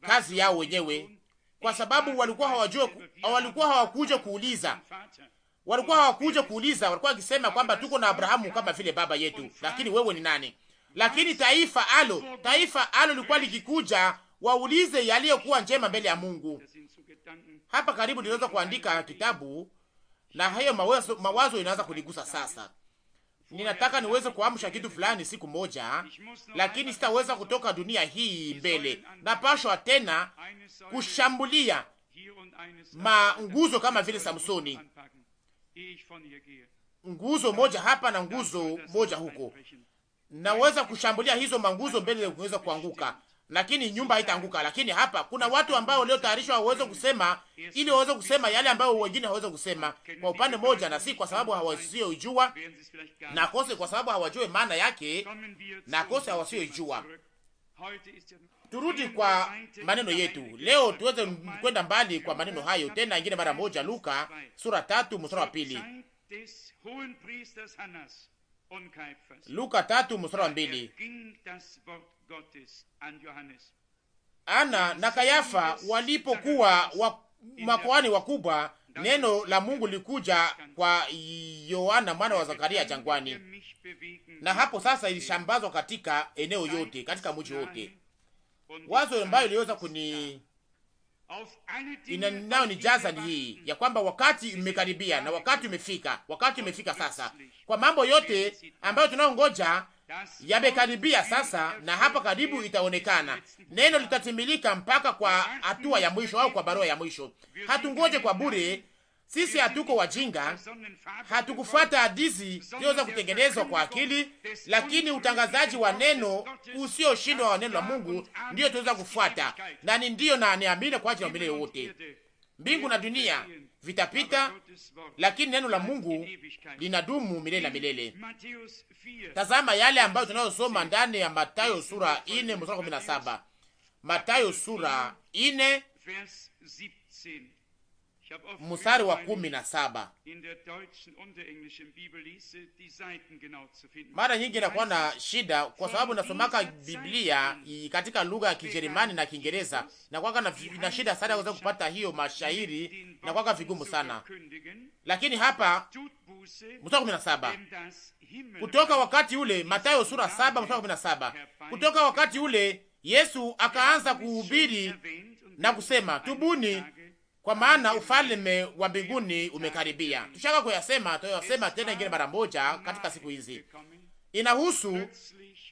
kazi yao wenyewe, kwa sababu walikuwa hawajua, walikuwa hawakuja kuuliza walikuwa hawakuja kuuliza, walikuwa wakisema kwamba tuko na Abrahamu kama vile baba yetu, lakini wewe ni nani? lakini taifa alo taifa alo lilikuwa likikuja, waulize yaliyokuwa njema mbele ya Mungu. Hapa karibu niliweza kuandika kitabu na hayo mawazo, mawazo inaweza kunigusa sasa. Ninataka niweze kuamsha kitu fulani siku moja, lakini sitaweza kutoka dunia hii mbele. Napashwa tena kushambulia manguzo kama vile Samsoni, nguzo moja hapa na nguzo moja huko naweza kushambulia hizo manguzo mbele ya kuweza kuanguka, lakini nyumba haitaanguka. Lakini hapa kuna watu ambao waliotayarishwa waweze kusema, ili waweze kusema yale ambayo wengine hawaweze kusema kwa upande mmoja, na si kwa sababu hawasioijua na kose kwa sababu hawajue maana yake, na kose hawasioijua Turudi kwa maneno yetu leo, tuweze kwenda mbali kwa maneno hayo tena ingine mara moja. Luka sura tatu mstari wa pili Luka tatu mstari wa mbili. Ana na Kayafa walipokuwa wa, makuhani wakubwa, neno la Mungu likuja kwa Yohana mwana wa Zakaria jangwani, na hapo sasa ilishambazwa katika eneo yote, katika mji wote. Wazo ambayo iliweza kuni inayo nijaza ni hii ya kwamba wakati imekaribia na wakati umefika, wakati umefika sasa, kwa mambo yote ambayo tunayongoja yamekaribia sasa, na hapa karibu itaonekana neno litatimilika mpaka kwa hatua ya mwisho au kwa barua ya mwisho. Hatungoje kwa bure, sisi hatuko wajinga, hatukufuata hadithi zilizoweza kutengenezwa kwa akili, lakini utangazaji wa neno usioshindwa wa neno la Mungu ndiyo tuweza kufuata, na ni ndiyo na niamini kwa ajili ya milele yote. Mbingu na dunia vitapita, lakini neno la Mungu linadumu milele na milele. Tazama yale ambayo tunayosoma ndani ya Mathayo sura ine mstari kumi Mathayo sura ine mstari wa kumi na saba. Mara nyingi inakuwa na shida kwa sababu nasomaka Biblia katika lugha ya Kijerumani na Kiingereza, nakwaka na, na shida sana kuweza kupata hiyo mashairi, nakwaka vigumu sana. Lakini hapa mstari wa kumi na saba kutoka wakati ule, Mathayo sura saba mstari wa kumi na saba kutoka wakati ule Yesu akaanza kuhubiri na kusema, tubuni kwa maana ufalme wa mbinguni umekaribia. Tushaka kuyasema, tuyasema tena ingine mara moja katika siku hizi. Inahusu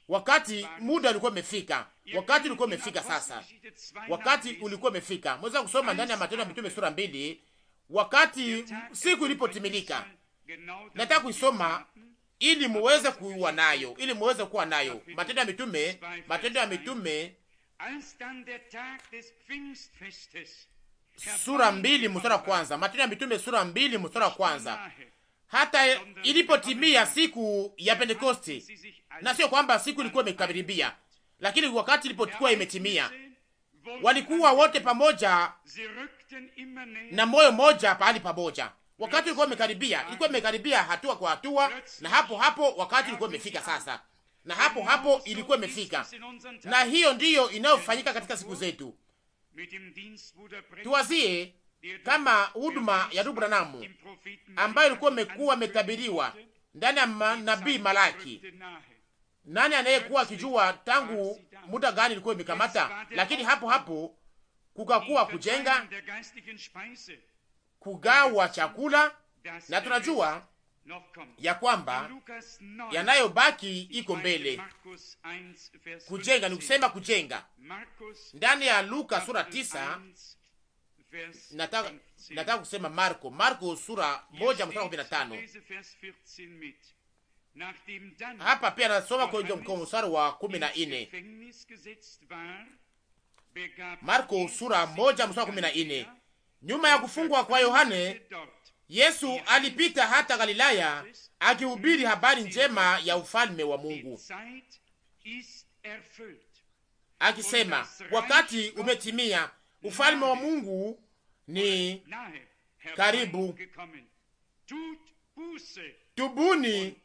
wakati muda ulikuwa umefika, wakati ulikuwa umefika sasa, wakati ulikuwa umefika. Mweza kusoma ndani ya Matendo ya Mitume sura mbili, wakati siku ilipotimilika. Nataka kuisoma ili muweze kuwa nayo, ili muweze kuwa nayo. Matendo ya Mitume, Matendo ya Mitume sura mbili mstari wa kwanza, Matendo ya Mitume sura mbili mstari wa kwanza. Hata ilipotimia siku ya pentekosti na sio kwamba siku ilikuwa imekaribia, lakini wakati ilipokuwa imetimia, walikuwa wote pamoja na moyo moja pahali pamoja. Wakati ulikuwa umekaribia, ilikuwa imekaribia hatua kwa hatua, na hapo hapo wakati ulikuwa umefika sasa, na hapo hapo ilikuwa imefika, na hiyo ndiyo inayofanyika katika siku zetu Tuwazie kama huduma ya ndugu Branamu ambayo ilikuwa imekuwa imetabiriwa ndani ya nabii Malaki. Nani anayekuwa akijua tangu muda gani ilikuwa imekamata? Lakini hapo hapo kukakuwa kujenga, kugawa chakula, na tunajua ya kwamba yanayobaki iko mbele kujenga, ni kusema kujenga ndani ya Luka sura tisa. Nataka, nataka kusema Marko, Marko sura moja mstari kumi na tano. Hapa pia nasoma kwa mstari wa kumi na nne. Marko sura moja mstari kumi na nne. Nyuma ya kufungwa kwa Yohane Yesu alipita hata Galilaya akihubiri habari njema ya ufalme wa Mungu akisema, wakati umetimia, ufalme wa Mungu ni karibu, tubuni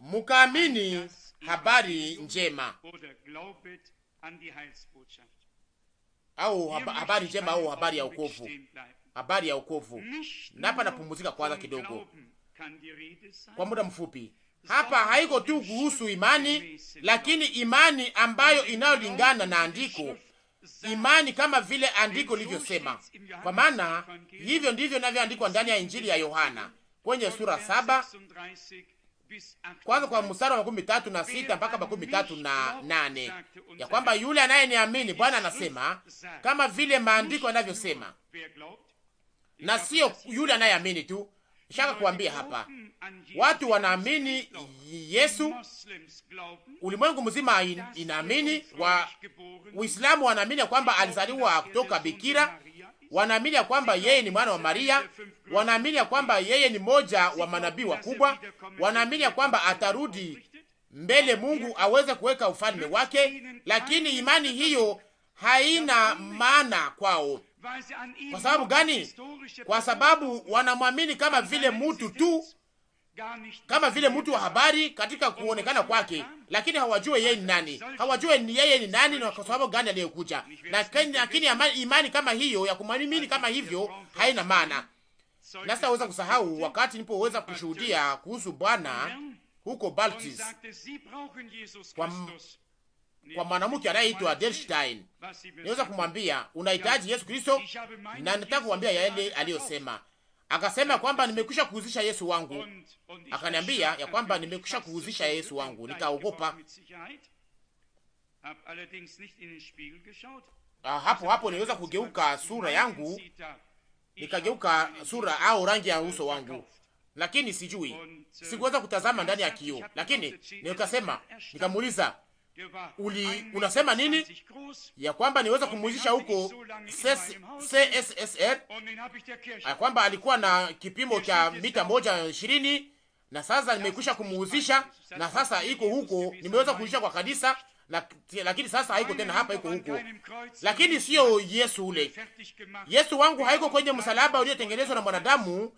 mukaamini habari njema au habari njema au habari ya ukovu habari ya wokovu. Na hapa napumzika kwanza kidogo kwa muda mfupi. Hapa haiko tu kuhusu imani, lakini imani ambayo inayolingana na andiko, imani kama vile andiko lilivyosema, kwa maana hivyo ndivyo inavyoandikwa ndani ya Injili ya Yohana kwenye sura saba kwanza kwa mstari wa makumi tatu na sita mpaka makumi tatu na nane ya kwamba yule anayeniamini Bwana anasema kama vile maandiko yanavyosema, na sio yule anayeamini tu. Shaka kuambia hapa, watu wanaamini Yesu, ulimwengu mzima inaamini wa Uislamu wanaamini ya kwamba alizaliwa kutoka bikira, wanaamini ya kwamba yeye ni mwana wa Maria, wanaamini ya kwamba yeye ni moja wa manabii wakubwa, wanaamini ya kwamba atarudi mbele Mungu aweze kuweka ufalme wake, lakini imani hiyo haina maana kwao. Kwa sababu gani? Kwa sababu wanamwamini kama vile mtu tu, kama vile mtu wa habari katika kuonekana kwake, lakini hawajue yeye ni nani, hawajue ni yeye ni nani na kwa sababu gani aliyekuja. Lakini imani kama hiyo ya kumwamini kama hivyo haina maana. Na sitaweza kusahau wakati nilipoweza kushuhudia kuhusu Bwana huko Baltis kwa kwa mwanamke anayeitwa Delstein, niweza kumwambia unahitaji Yesu Kristo, na nataka kuambia yale aliyosema. Akasema kwamba nimekwisha kuhuzisha Yesu wangu, akaniambia ya kwamba nimekwisha kuhuzisha Yesu wangu, nikaogopa. Ah, hapo hapo niweza kugeuka sura yangu, nikageuka sura au rangi ya uso wangu, lakini sijui sikuweza kutazama ndani ya kioo, lakini nikasema, nikamuuliza Uli, unasema nini ya kwamba niweza kumuizisha huko CSSR oh, ya kwamba alikuwa na kipimo cha mita moja ishirini na sasa nimekwisha kumuuzisha, na sasa iko huko, nimeweza kuuzisha kwa kanisa, lakini sasa haiko tena hapa, iko huko. Lakini sio Yesu ule Yesu wangu haiko kwenye msalaba uliotengenezwa na mwanadamu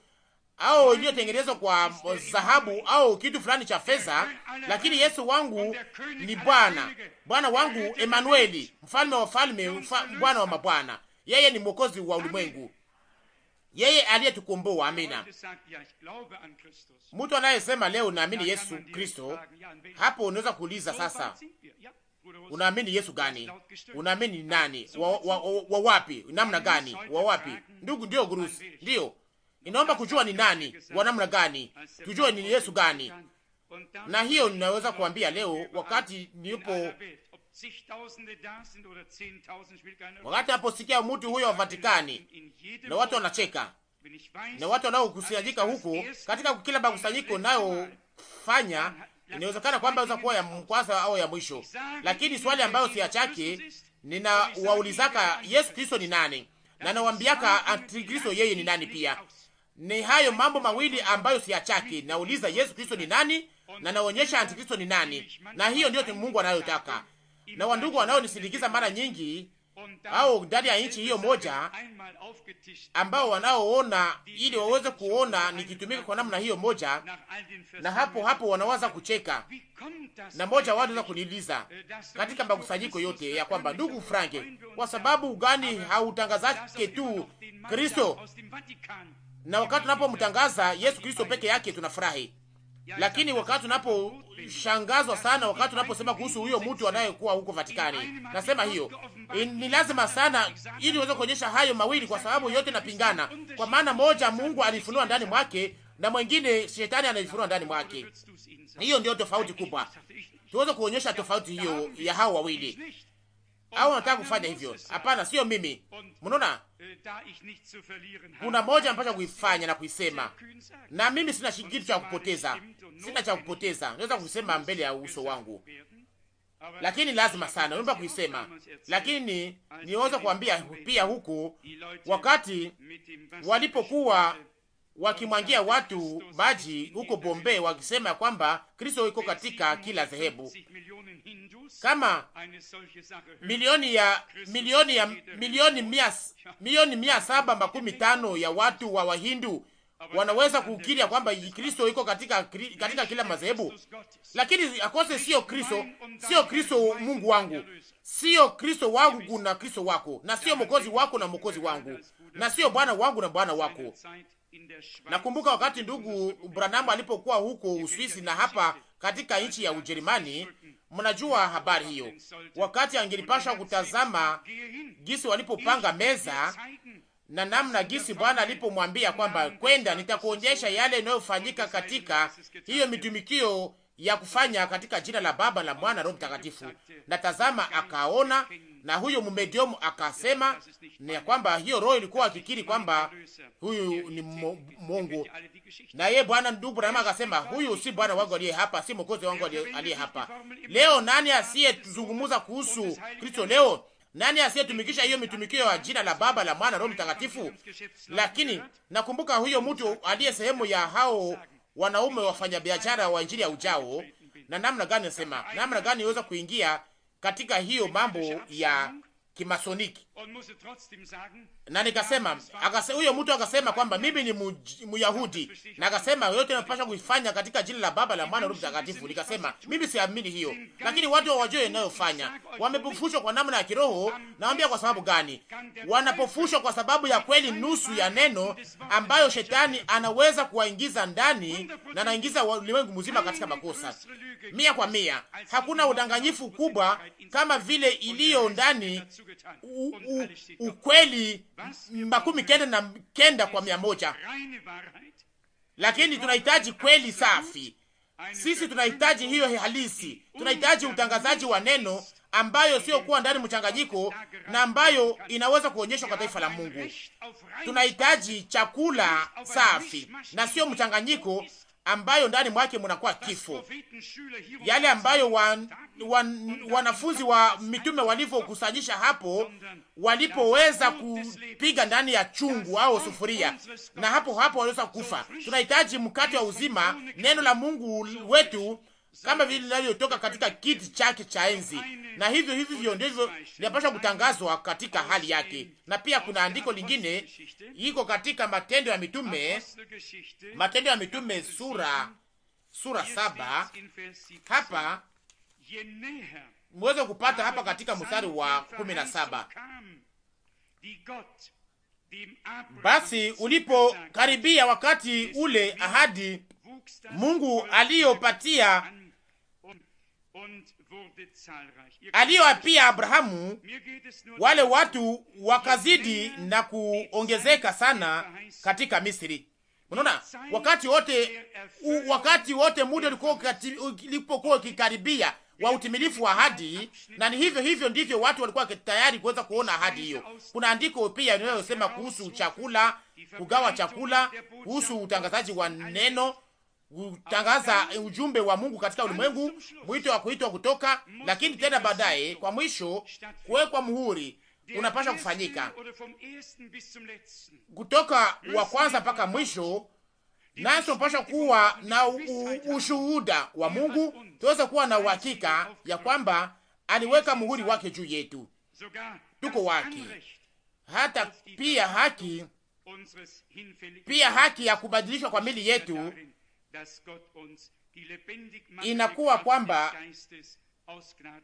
au iliyotengenezwa kwa dhahabu eh, au kitu fulani cha fedha, lakini Yesu wangu ni Bwana, Bwana wangu Emanueli, mfalme wa falme, Bwana wa mabwana. Yeye ni mwokozi wa ulimwengu, yeye aliyetukomboa. Amina. Mtu anayesema leo naamini Yesu Kristo, hapo unaweza kuuliza sasa, unaamini Yesu gani? Unaamini nani? Wa, wa, wa, wa wapi? Namna gani? Wa wapi? Ndugu, ndio gurusi, ndio Inaomba kujua ni nani wa namna gani, tujue ni Yesu gani. Na hiyo ninaweza kuambia leo, wakati nilipo wakati naposikia mtu huyo wa Vatikani na watu wanacheka na watu wanaokusanyika huko katika kila makusanyiko nayofanya, inawezekana kwamba weza kuwa ya kwanza au ya mwisho, lakini swali ambayo si chake, ninawaulizaka Yesu Kristo ni nani, na nawambiaka Antikristo yeye ni nani pia. Ni hayo mambo mawili ambayo si Nauliza Yesu Kristo ni nani, na naonyesha Antikristo ni nani, na hiyo ndiyo Mungu anayotaka. Na wandugu wanaonisindikiza mara nyingi au ndani ya nchi hiyo moja, ambao wanaoona ili waweze kuona nikitumika kwa namna hiyo moja, na hapo hapo wanawaza kucheka. Na moja anaweza kuniuliza katika makusanyiko yote ya kwamba ndugu Franke, kwa sababu gani hautangazake tu Kristo na wakati tunapomtangaza Yesu Kristo peke yake tunafurahi, lakini wakati tunaposhangazwa sana, wakati tunaposema kuhusu huyo mtu anayekuwa huko Vatikani, nasema hiyo ni lazima sana, ili uweze kuonyesha hayo mawili, kwa sababu yote napingana. Kwa maana moja Mungu alifunua ndani mwake na mwingine shetani anaifunua ndani mwake. Hiyo ndio tofauti kubwa, tuweze kuonyesha tofauti hiyo ya hao wawili au nataka kufanya hivyo? Hapana, sio mimi. Mnaona, kuna moja mpasha kuifanya na kuisema, na mimi sina kitu cha kupoteza, sina cha kupoteza. Naweza kusema mbele ya uso wangu, lakini lazima sana naomba kuisema. Lakini niweza kuambia pia huku, wakati walipokuwa wakimwangia watu maji huko Bombe wakisema kwamba Kristo iko katika kila dhehebu. Kama milioni ya milioni ya milioni mia, milioni mia saba makumi tano ya watu wa Wahindu wanaweza kukiria kwamba Kristo iko katika katika kila madhehebu, lakini akose sio Kristo, sio Kristo Mungu wangu, sio Kristo wangu na Kristo wako, na sio mokozi wako na mokozi wangu, na sio Bwana wangu na Bwana wako. Nakumbuka wakati ndugu Branamu alipokuwa huko Uswisi na hapa katika nchi ya Ujerumani, mnajua habari hiyo, wakati angelipasha kutazama gisi walipopanga meza na namna gisi Bwana alipomwambia kwamba kwenda, nitakuonyesha yale inayofanyika katika hiyo mitumikio ya kufanya katika jina la Baba la Mwana Roho Mtakatifu. Na tazama, akaona na huyo mumediomu akasema ni ya kwamba hiyo roho ilikuwa akikiri kwamba huyu ni Mungu. Na yeye bwana ndugu Branham akasema huyu si bwana wangu aliye hapa, si mwokozi wangu aliye hapa. Leo nani asiyezungumza kuhusu Kristo leo? Nani asiyetumikisha hiyo mitumikio ya jina la Baba, la Mwana, Roho Mtakatifu? Lakini nakumbuka huyo mtu aliye sehemu ya hao wanaume wafanya biashara wa injili ya ujao, na namna gani nasema, namna gani iweza kuingia katika hiyo mambo ya kimasoniki Er na nikasema, huyo mtu akasema kwamba mimi ni Myahudi, na akasema yote napasha kuifanya katika jina la Baba, la Mwana, Roho Mtakatifu. Nikasema mimi siamini hiyo, lakini watu hawajui inayofanya. Wamepofushwa kwa namna ya kiroho. Nawambia kwa sababu gani? Wanapofushwa kwa sababu ya kweli, nusu ya neno ambayo shetani anaweza kuwaingiza ndani, na anaingiza ulimwengu mzima katika makosa mia kwa mia. Hakuna udanganyifu kubwa kama vile iliyo ndani ukweli makumi kenda na kenda kwa mia moja, lakini tunahitaji kweli safi. Sisi tunahitaji hiyo halisi, tunahitaji utangazaji wa neno ambayo sio kuwa ndani mchanganyiko na ambayo inaweza kuonyeshwa kwa taifa la Mungu. Tunahitaji chakula safi na sio mchanganyiko ambayo ndani mwake mnakuwa kifo. Yale ambayo wan, wanafunzi wa mitume walivyokusanyisha hapo, walipoweza kupiga ndani ya chungu au sufuria, na hapo hapo waliweza kufa. Tunahitaji mkate wa uzima, neno la Mungu wetu kama vile linavyotoka katika kiti chake cha enzi, na hivyo hivyo ndivyo linapaswa kutangazwa katika hali yake. Na pia kuna andiko lingine iko katika Matendo ya Mitume, Matendo ya Mitume sura sura saba hapa mweze kupata hapa katika mstari wa kumi na saba basi ulipokaribia wakati ule ahadi Mungu aliyopatia aliyoapia Abrahamu, wale watu wakazidi na kuongezeka sana katika Misri. Unaona, wakati wote wakati wote muda ulipokuwa ukikaribia wa utimilifu wa ahadi, na ni hivyo hivyo ndivyo watu walikuwa tayari kuweza kuona ahadi hiyo. Kuna andiko pia inayosema kuhusu chakula, kugawa chakula, kuhusu utangazaji wa neno, kutangaza ujumbe wa Mungu katika ulimwengu, mwito wa kuitwa kutoka, lakini tena baadaye kwa mwisho kuwekwa muhuri unapasha kufanyika kutoka wa kwanza mpaka mwisho nasi tunapasha kuwa na ushuhuda wa Mungu, tuweze kuwa na uhakika ya kwamba aliweka muhuri wake juu yetu, tuko wake, hata pia haki pia haki ya kubadilishwa kwa mili yetu inakuwa kwamba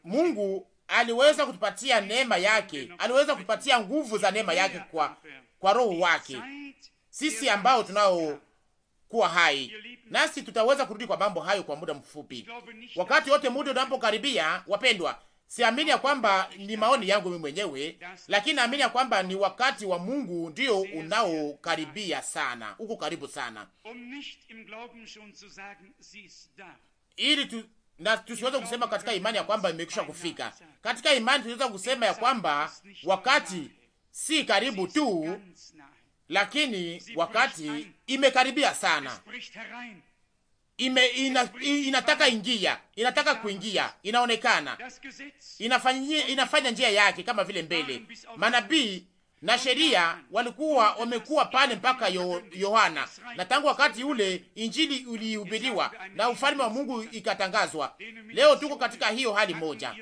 Mungu aliweza kutupatia neema yake, aliweza kutupatia nguvu za neema yake kwa, kwa roho wake, sisi ambao tunao kuwa hai, nasi tutaweza kurudi kwa mambo hayo kwa muda mfupi, wakati wote muda unapokaribia. Wapendwa, siamini ya kwamba ni maoni yangu mimi mwenyewe, lakini naamini ya kwamba ni wakati wa Mungu ndio unaokaribia sana, uko karibu sana, um ili tu na tusiweze kusema katika imani ya kwamba imekwisha kufika. Katika imani tunaweza kusema ya kwamba wakati si karibu tu, lakini wakati imekaribia sana, ime, ina, inataka ingia, inataka kuingia, inaonekana inafanya, inafanya njia yake kama vile mbele manabii na sheria walikuwa wamekuwa pale mpaka Yohana na tangu wakati ule injili uliubiliwa na ufalme wa Mungu ikatangazwa. Leo tuko katika hiyo hali moja.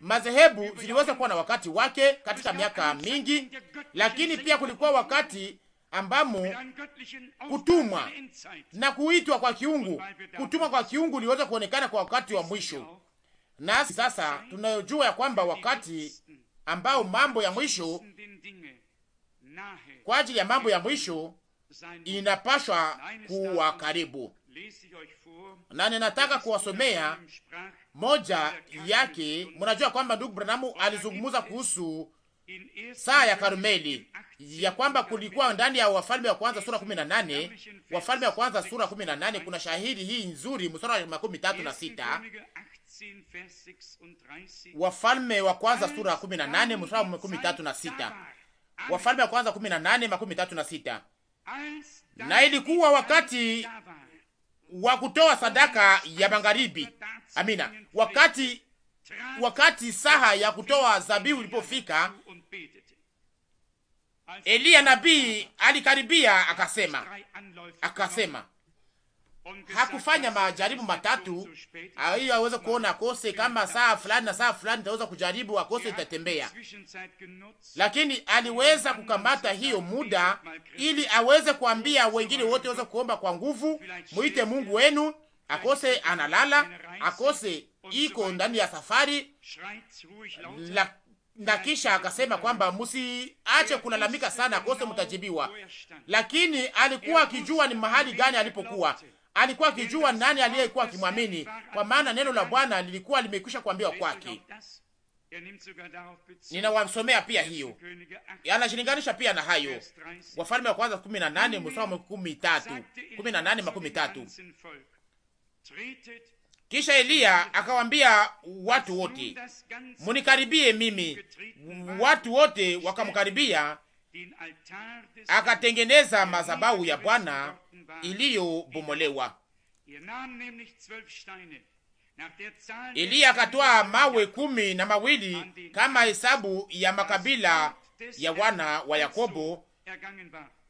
Madhehebu ziliweza kuwa na wakati wake katika miaka mingi, lakini pia kulikuwa wakati ambamo kutumwa na kuitwa kwa kiungu, kutumwa kwa kiungu uliweza kuonekana kwa wakati wa mwisho, nasi sasa tunayojua ya kwamba wakati ambao mambo ya mwisho kwa ajili ya mambo ya mwisho inapashwa kuwa karibu, na ninataka kuwasomea moja yake. Mnajua kwamba ndugu Branamu alizungumza kuhusu saa ya Karmeli, ya kwamba kulikuwa ndani ya Wafalme wa kwanza sura 18, Wafalme wa kwanza sura 18 kuna shahidi hii nzuri, mstari wa makumi tatu na sita Wafalme wa kwanza sura ya kumi na nane mstari makumi tatu na sita Wafalme wa kwanza kumi na nane makumi tatu na sita Na ilikuwa wakati wa kutoa sadaka ya magharibi, amina, wakati wakati saha ya kutoa zabihu ilipofika, Eliya nabii alikaribia, akasema akasema hakufanya majaribu matatu ah, hiyo aweze kuona akose kama saa fulani na saa fulani itaweza kujaribu akose itatembea, lakini aliweza kukamata hiyo muda ili aweze kuambia wengine wote waweze kuomba kwa nguvu, muite Mungu wenu, akose analala, akose iko ndani ya safari la, na kisha akasema kwamba msiache kulalamika sana, akose mtajibiwa. Lakini alikuwa akijua ni mahali gani alipokuwa alikuwa akijua nani aliyekuwa akimwamini, kwa maana neno la Bwana lilikuwa limekwisha kuambiwa kwake. Ninawasomea pia hiyo, anashilinganisha pia na hayo. Wafalme wa kwanza kumi na nane mstari makumi tatu er kumi na nane makumi tatu Kisha Eliya akawambia watu wote, munikaribie mimi. Watu wote wakamkaribia akatengeneza mazabau ya Bwana iliyobomolewa. Eliya akatwaa mawe kumi na mawili kama hesabu ya makabila ya wana wa Yakobo.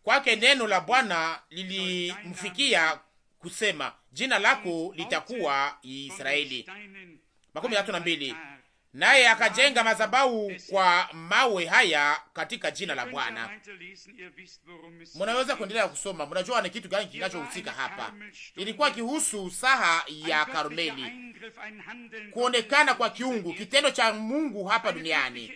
Kwake neno la Bwana lilimfikia kusema, jina lako litakuwa Israeli. makumi tatu na mbili naye akajenga madhabahu kwa mawe haya katika jina la Bwana. munaweza kuendelea kusoma, mnajua ni kitu gani kinachohusika hapa. Ilikuwa kihusu saha ya Karmeli, kuonekana kwa kiungu, kitendo cha Mungu hapa duniani,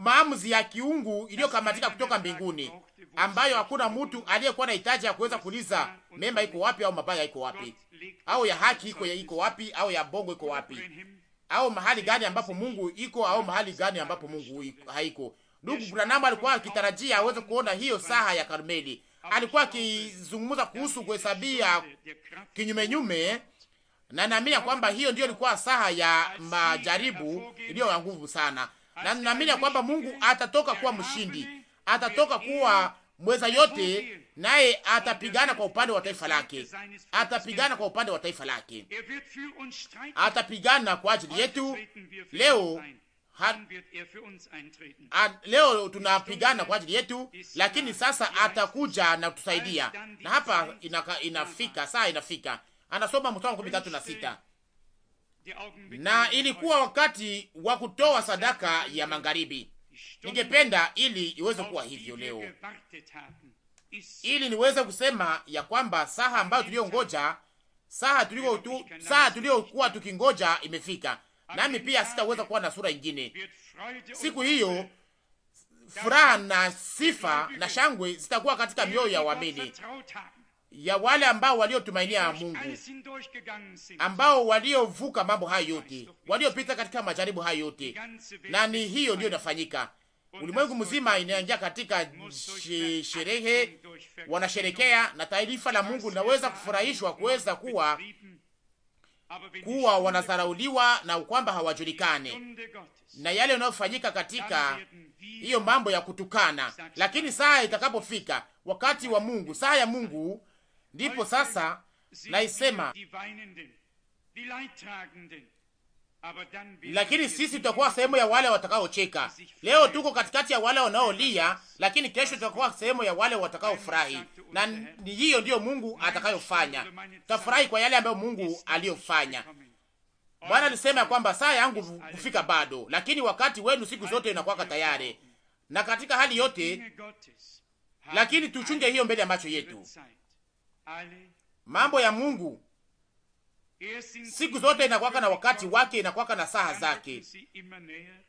maamuzi ya kiungu iliyokamatika kutoka mbinguni, ambayo hakuna mtu aliyekuwa na hitaji ya kuweza kuuliza mema iko wapi au mabaya iko wapi au ya haki iko ya iko wapi au ya bongo iko wapi au mahali gani ambapo Mungu iko au mahali gani ambapo Mungu haiko. Ndugu Branham alikuwa akitarajia aweze kuona hiyo saha ya Karmeli. Alikuwa akizungumza kuhusu kuhesabia kinyumenyume, na naamini kwamba hiyo ndiyo ilikuwa saha ya majaribu iliyo ya nguvu sana na ya kwamba Mungu atatoka kuwa mshindi, atatoka kuwa mweza yote, naye atapigana kwa upande wa taifa lake, atapigana kwa upande wa taifa lake, atapigana kwa ajili yetu leo. Ha, a, leo tunapigana kwa ajili yetu, lakini sasa atakuja na kutusaidia. Na hapa inaka, inafika saa inafika, anasoma mstari wa kumi tatu na sita na ilikuwa wakati wa kutoa sadaka ya magharibi. Ningependa ili iweze kuwa hivyo leo, ili niweze kusema ya kwamba saha ambayo tuliyongoja, saha tuliyokuwa tu, saha tuliyokuwa tukingoja imefika, nami pia sitaweza kuwa na sura ingine siku hiyo. Furaha na sifa na shangwe zitakuwa katika mioyo ya waamini ya wale ambao waliotumainia Mungu, ambao waliovuka mambo hayo yote, waliopita katika majaribu hayo yote, na ni hiyo ndiyo inafanyika. Ulimwengu mzima inaingia katika sherehe, wanasherekea, na taifa la Mungu linaweza kufurahishwa kuweza kuwa kuwa wanadharauliwa na kwamba hawajulikane na yale yanayofanyika katika hiyo mambo ya kutukana. Lakini saa itakapofika, wakati wa Mungu, saa ya Mungu, ndipo sasa naisema, lakini sisi tutakuwa sehemu ya wale watakaocheka. Leo tuko katikati ya wale wanaolia, lakini kesho tutakuwa sehemu ya wale watakaofurahi, na ni hiyo ndiyo Mungu atakayofanya. Tutafurahi kwa yale ambayo Mungu aliyofanya. Bwana alisema kwamba saa yangu kufika bado, lakini wakati wenu siku zote inakuwa tayari na katika hali yote, lakini tuchunge hiyo mbele ya macho yetu mambo ya Mungu siku zote inakwaka na wakati wake, inakwaka na saha zake.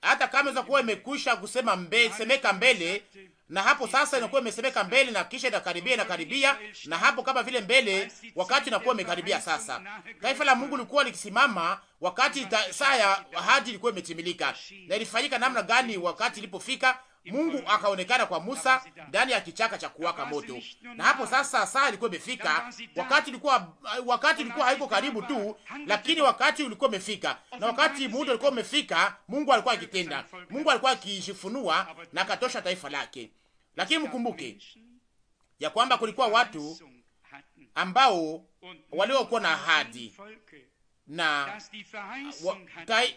Hata kama inaweza kuwa imekwisha kusema mbe, semeka mbele na hapo sasa inakuwa imesemeka mbele na kisha inakaribia inakaribia, na hapo kama vile mbele, wakati inakuwa imekaribia. Sasa taifa la Mungu lilikuwa likisimama wakati saa ya ahadi ilikuwa imetimilika, na ilifanyika namna gani wakati ilipofika Mungu akaonekana kwa Musa ndani ya kichaka cha kuwaka moto. Na hapo sasa saa ilikuwa imefika, wakati ilikuwa wakati ilikuwa haiko karibu tu, lakini wakati ulikuwa umefika. Na wakati muda ulikuwa umefika, Mungu alikuwa akitenda. Mungu alikuwa akijifunua na akatosha taifa lake. Lakini mkumbuke ya kwamba kulikuwa watu ambao waliokuwa na ahadi na,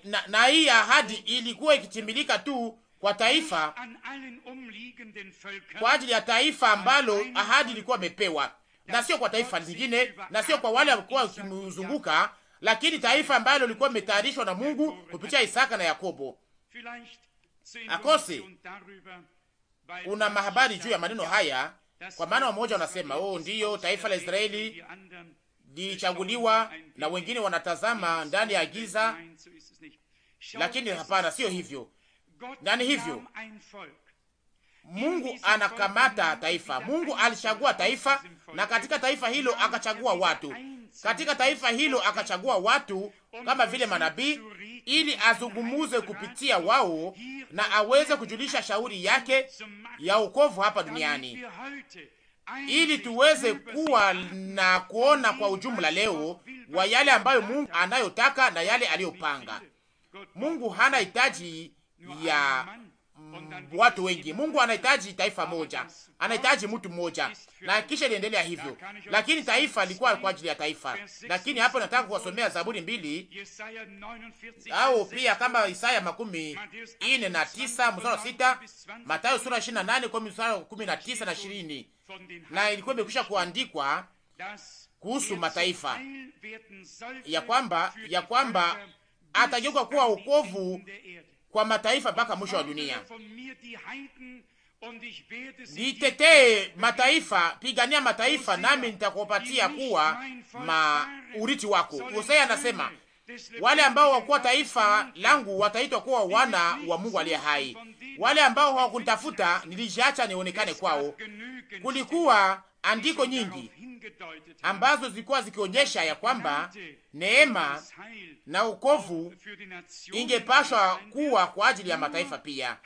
na, na hii ahadi ilikuwa ikitimilika tu kwa taifa, kwa ajili ya taifa ambalo ahadi ilikuwa imepewa, na sio kwa taifa zingine, na sio kwa wale walikuwa wakimzunguka, lakini taifa ambalo lilikuwa limetayarishwa na Mungu kupitia Isaka na Yakobo. Akose una mahabari juu ya maneno haya, kwa maana wamoja wanasema oh, ndiyo taifa la Israeli lilichaguliwa, na wengine wanatazama ndani ya giza, lakini hapana, sio hivyo na ni hivyo Mungu anakamata taifa. Mungu alichagua taifa, na katika taifa hilo akachagua watu, katika taifa hilo akachagua watu kama vile manabii, ili azungumuze kupitia wao na aweze kujulisha shauri yake ya wokovu hapa duniani, ili tuweze kuwa na kuona kwa ujumla leo wa yale ambayo Mungu anayotaka na yale aliyopanga. Mungu hana hitaji ya mm, watu wengi. Mungu anahitaji taifa moja, anahitaji mtu mmoja, na kisha liendelea hivyo. Lakini taifa likuwa kwa ajili ya taifa. Lakini hapo nataka kuwasomea Zaburi mbili au pia kama Isaya makumi ine na tisa mstari sita Matayo sura ishirini na nane kwa mstari kumi na tisa na ishirini na ilikuwa imekwisha kuandikwa kuhusu mataifa ya kwamba ya kwamba atageuka kuwa ukovu kwa mataifa mpaka mwisho wa dunia. Nitetee mataifa, pigania mataifa, nami nitakupatia kuwa mauriti wako. Hosea anasema wale ambao wakuwa taifa langu wataitwa kuwa wana wa Mungu aliye hai. Wale ambao hawakunitafuta nilijiacha nionekane kwao. Kulikuwa andiko nyingi ambazo zilikuwa zikionyesha ya kwamba neema na ukovu ingepashwa kuwa kwa ajili ya mataifa pia,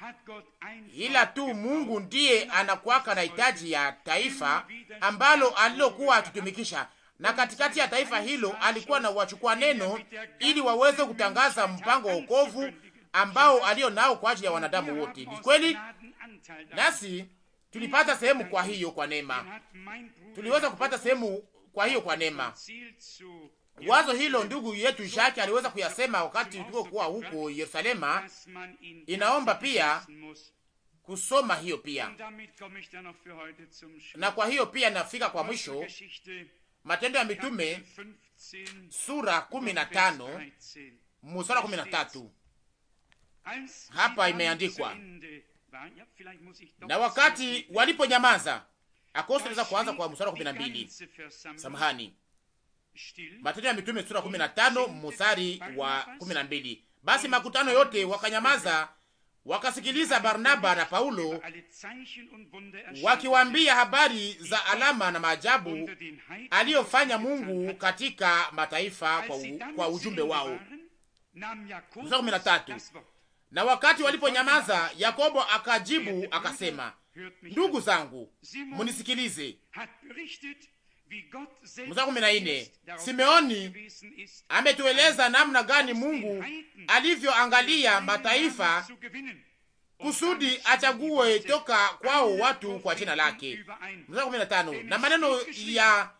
ila tu Mungu um ndiye anakuwaka na hitaji ya taifa ambalo alilokuwa akitumikisha, na katikati ya taifa hilo alikuwa na wachukua er neno ili waweze kutangaza mpango wa ukovu ambao alio nao kwa ajili ya wanadamu wote. Ni kweli nasi Tulipata sehemu kwa hiyo kwa neema, tuliweza kupata sehemu kwa hiyo kwa neema. Wazo hilo ndugu yetu Jacques aliweza kuyasema wakati tulipokuwa huko Yerusalema. Inaomba pia kusoma hiyo pia, na kwa hiyo pia nafika kwa mwisho. Matendo ya Mitume sura kumi na tano mstari kumi hapa imeandikwa na wakati waliponyamaza, akose weza kuanza kwa mstari wa kumi na mbili. Samahani, Matendo ya Mitume sura kumi na tano mstari wa kumi na mbili. Basi makutano yote wakanyamaza wakasikiliza Barnaba na Paulo wakiwaambia habari za alama na maajabu aliyofanya Mungu katika mataifa kwa, u, kwa ujumbe wao. Na wakati waliponyamaza, Yakobo akajibu akasema, ndugu zangu munisikilize. Mstari kumi na nne Simeoni ametueleza namna gani Mungu alivyoangalia mataifa kusudi achague toka kwao watu kwa jina lake. Mstari kumi na tano na maneno ya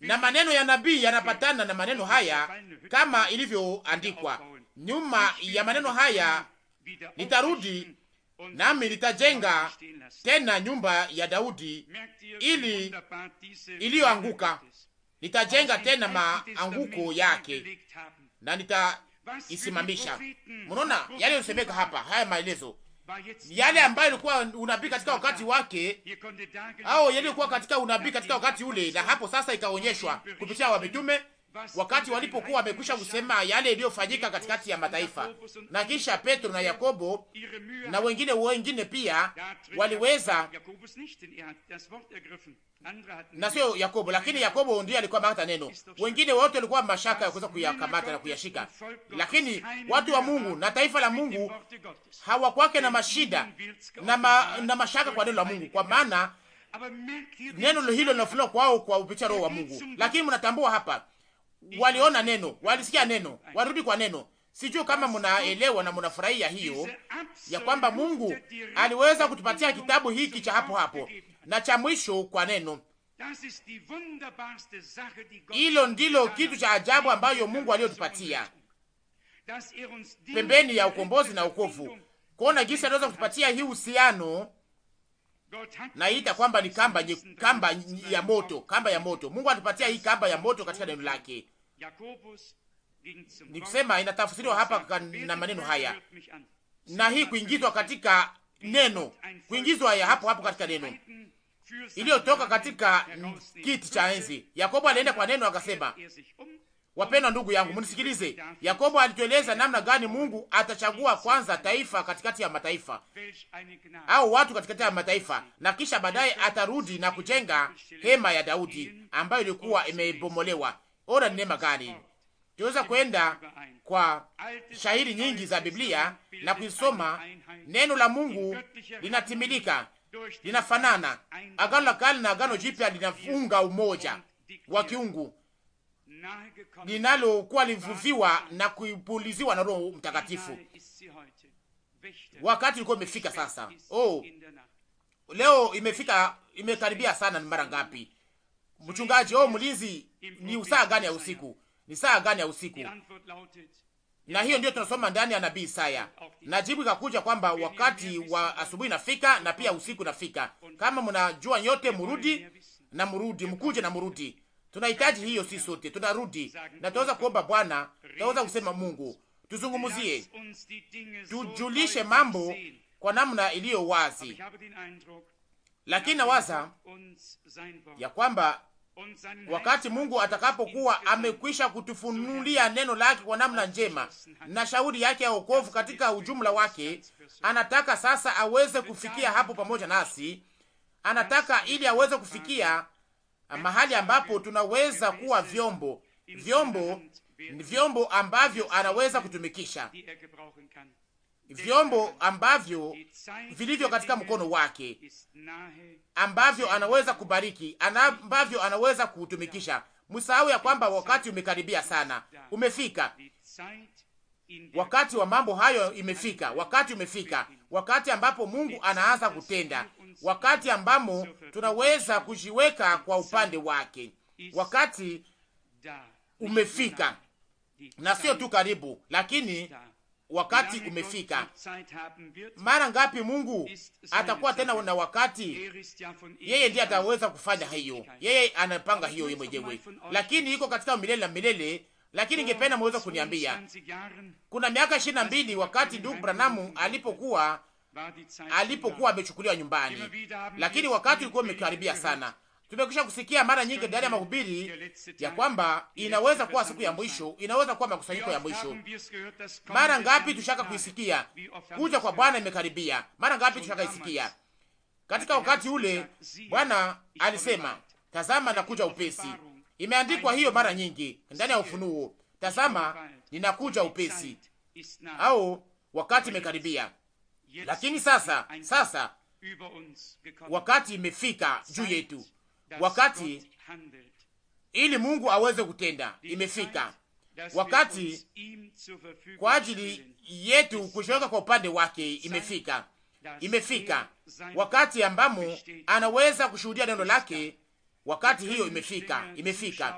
na maneno ya nabii yanapatana na maneno haya kama ilivyoandikwa Nyuma ya maneno haya nitarudi nami nitajenga tena nyumba ya Daudi ili iliyoanguka, nitajenga tena maanguko yake na nitaisimamisha. Mnaona yale yosemeka hapa, haya maelezo yale ambayo ilikuwa unabii katika wakati wake, au yaliyokuwa katika unabii katika wakati ule, na hapo sasa ikaonyeshwa kupitia mitume wakati walipokuwa wamekwisha kusema yale iliyofanyika katikati ya mataifa, na kisha Petro na Yakobo na wengine wengine pia waliweza, na sio Yakobo, lakini Yakobo ndiye alikuwa makamata neno, wengine wote walikuwa mashaka ya kuweza kuyakamata na kuyashika, lakini watu wa Mungu na taifa la Mungu hawakwake na mashida na, ma, na mashaka kwa neno la Mungu kwa maana neno hilo linafunua kwao kwa upitia Roho wa Mungu. Lakini mnatambua hapa waliona neno, walisikia neno, warudi kwa neno. Sijui kama mnaelewa na mnafurahia hiyo ya kwamba Mungu aliweza kutupatia kitabu hiki cha hapo hapo na cha mwisho kwa neno. Hilo ndilo kitu cha ajabu ambayo Mungu aliyotupatia pembeni ya ukombozi na ukovu, kuona jinsi anaweza kutupatia hii uhusiano naita kwamba ni kamba nye, kamba ya moto, kamba ya moto. Mungu anatupatia hii kamba ya moto katika neno lake nikusema inatafsiriwa hapa na maneno haya na hii kuingizwa katika neno kuingizwa ya hapo hapo katika neno iliyotoka katika kiti cha enzi. Yakobo alienda kwa neno akasema, um wapendwa ndugu yangu mnisikilize Yakobo alitueleza namna gani Mungu atachagua kwanza taifa katikati ya mataifa au watu katikati ya mataifa, na kisha baadaye atarudi na kujenga hema ya Daudi ambayo ilikuwa imebomolewa Ona ni neema gani! Tuweza kwenda kwa shahiri nyingi za Biblia na kuisoma. Neno la Mungu linatimilika, linafanana. Agano la Kale na Agano Jipya linafunga umoja wa kiungu linalokuwa livuviwa na kuipuliziwa na Roho Mtakatifu. Wakati ulikuwa imefika sasa. Oh, leo imefika, imekaribia sana. Ni mara ngapi mchungaji, oh mlinzi, ni saa gani ya usiku? Ni saa gani ya usiku? Na hiyo ndio tunasoma ndani ya nabii Isaya, na jibu ikakuja kwamba wakati wa asubuhi nafika na pia usiku nafika. Kama mnajua nyote, murudi na murudi, mkuje na murudi. Tunahitaji hiyo, si sote tunarudi, na tunaweza kuomba Bwana, tunaweza kusema Mungu, tuzungumzie, tujulishe mambo kwa namna iliyo wazi lakini nawaza ya kwamba wakati Mungu atakapokuwa amekwisha kutufunulia neno lake kwa namna njema na shauri yake ya wokovu katika ujumla wake, anataka sasa aweze kufikia hapo pamoja nasi. Anataka ili aweze kufikia mahali ambapo tunaweza kuwa vyombo vyombo, ni vyombo ambavyo anaweza kutumikisha vyombo ambavyo vilivyo katika mkono wake, ambavyo anaweza kubariki, ambavyo anaweza kutumikisha. Msahau ya kwamba wakati umekaribia sana, umefika wakati wa mambo hayo, imefika wakati, umefika wakati ambapo Mungu anaanza kutenda, wakati ambamo tunaweza kujiweka kwa upande wake. Wakati umefika, na sio tu karibu, lakini wakati umefika. Mara ngapi Mungu atakuwa tena na wakati? Er yeye ndiye ataweza kufanya hiyo, yeye anapanga hiyo yeye mwenyewe, lakini iko katika milele na milele. Lakini ningependa mweza kuniambia, kuna miaka ishirini na mbili wakati ndugu Branamu alipokuwa alipokuwa amechukuliwa nyumbani, lakini wakati ulikuwa umekaribia sana Tumekwisha kusikia mara nyingi ndani ya mahubiri ya kwamba inaweza kuwa siku ya mwisho, inaweza kuwa makusanyiko ya mwisho. Mara ngapi tushaka kuisikia kuja kwa Bwana imekaribia? Mara ngapi tushaka isikia? Katika wakati ule Bwana alisema, tazama nakuja upesi. Imeandikwa hiyo mara nyingi ndani ya Ufunuo, tazama ninakuja upesi, au wakati imekaribia. Lakini sasa, sasa wakati imefika juu yetu wakati ili Mungu aweze kutenda. Imefika wakati kwa ajili yetu kushoweka kwa upande wake. Imefika, imefika wakati ambamo anaweza kushuhudia neno lake. Wakati hiyo imefika, imefika.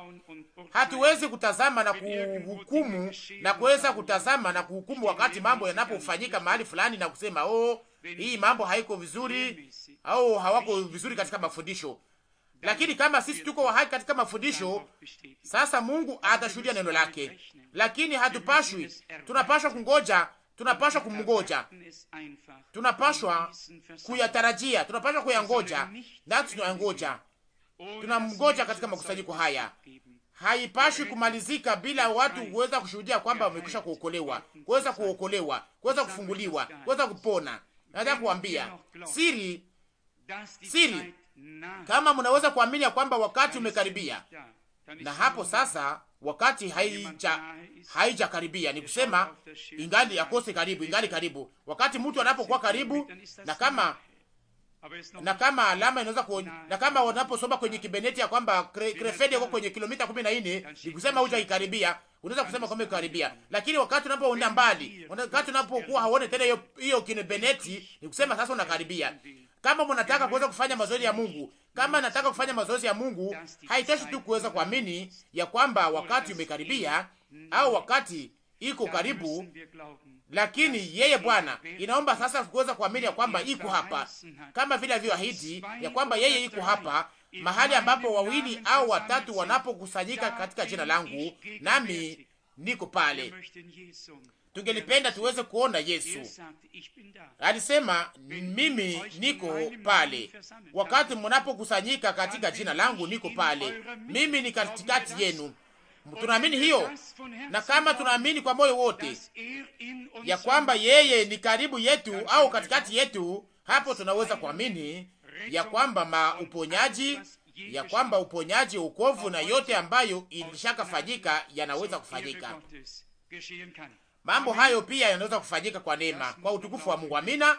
Hatuwezi kutazama na kuhukumu na kuweza kutazama na kuhukumu wakati mambo yanapofanyika mahali fulani na kusema oh, hii mambo haiko vizuri au hawako vizuri katika mafundisho lakini kama sisi tuko wa haki katika mafundisho, sasa Mungu atashuhudia neno lake. Lakini hatupashwi, tunapashwa kungoja, tunapashwa kumngoja, tunapashwa kuyatarajia, tunapashwa kuyangoja, na tunayangoja, tunamngoja katika makusanyiko haya. Haipashwi kumalizika bila watu kuweza kushuhudia kwamba wamekwisha kuokolewa, kuweza kuokolewa, kuweza kufunguliwa, kuweza kupona. Nataka kuambia siri, siri kama mnaweza kuamini ya kwamba wakati umekaribia, na hapo sasa wakati haija haijakaribia, ni kusema ingali akose karibu, ingali karibu. Wakati mtu anapokuwa karibu, na kama na kama alama inaweza ku na kama wanaposoma kwenye kibeneti ya kwamba Krefeld yako kwenye kilomita 14, ni kusema ikaribia, Unaweza kusema kwamba ikaribia. lakini wakati unapoenda mbali, wakati unapokuwa hauone tena hiyo hiyo kibeneti, ni kusema sasa unakaribia. Kama mnataka kuweza kufanya mazoezi ya Mungu, kama nataka kufanya mazoezi ya Mungu, haitashi tu kuweza kuamini ya kwamba wakati umekaribia au wakati iko karibu, lakini yeye Bwana inaomba sasa kuweza kuamini ya kwamba iko hapa, kama vile alivyoahidi ya kwamba yeye iko hapa mahali ambapo wawili au watatu wanapokusanyika katika jina langu, nami niko pale tungelipenda tuweze kuona Yesu. Er Alisema, mimi niko pale, wakati mnapokusanyika katika jina langu niko pale, mimi ni katikati yenu. Tunaamini hiyo, na kama tunaamini kwa moyo wote er ya kwamba yeye ni karibu yetu au katikati yetu, hapo tunaweza kuamini ya kwamba mauponyaji ya kwamba uponyaji, ukovu na yote ambayo ilishakafanyika yanaweza kufanyika. Mambo hayo pia yanaweza kufanyika kwa neema, kwa utukufu wa Mungu. Amina.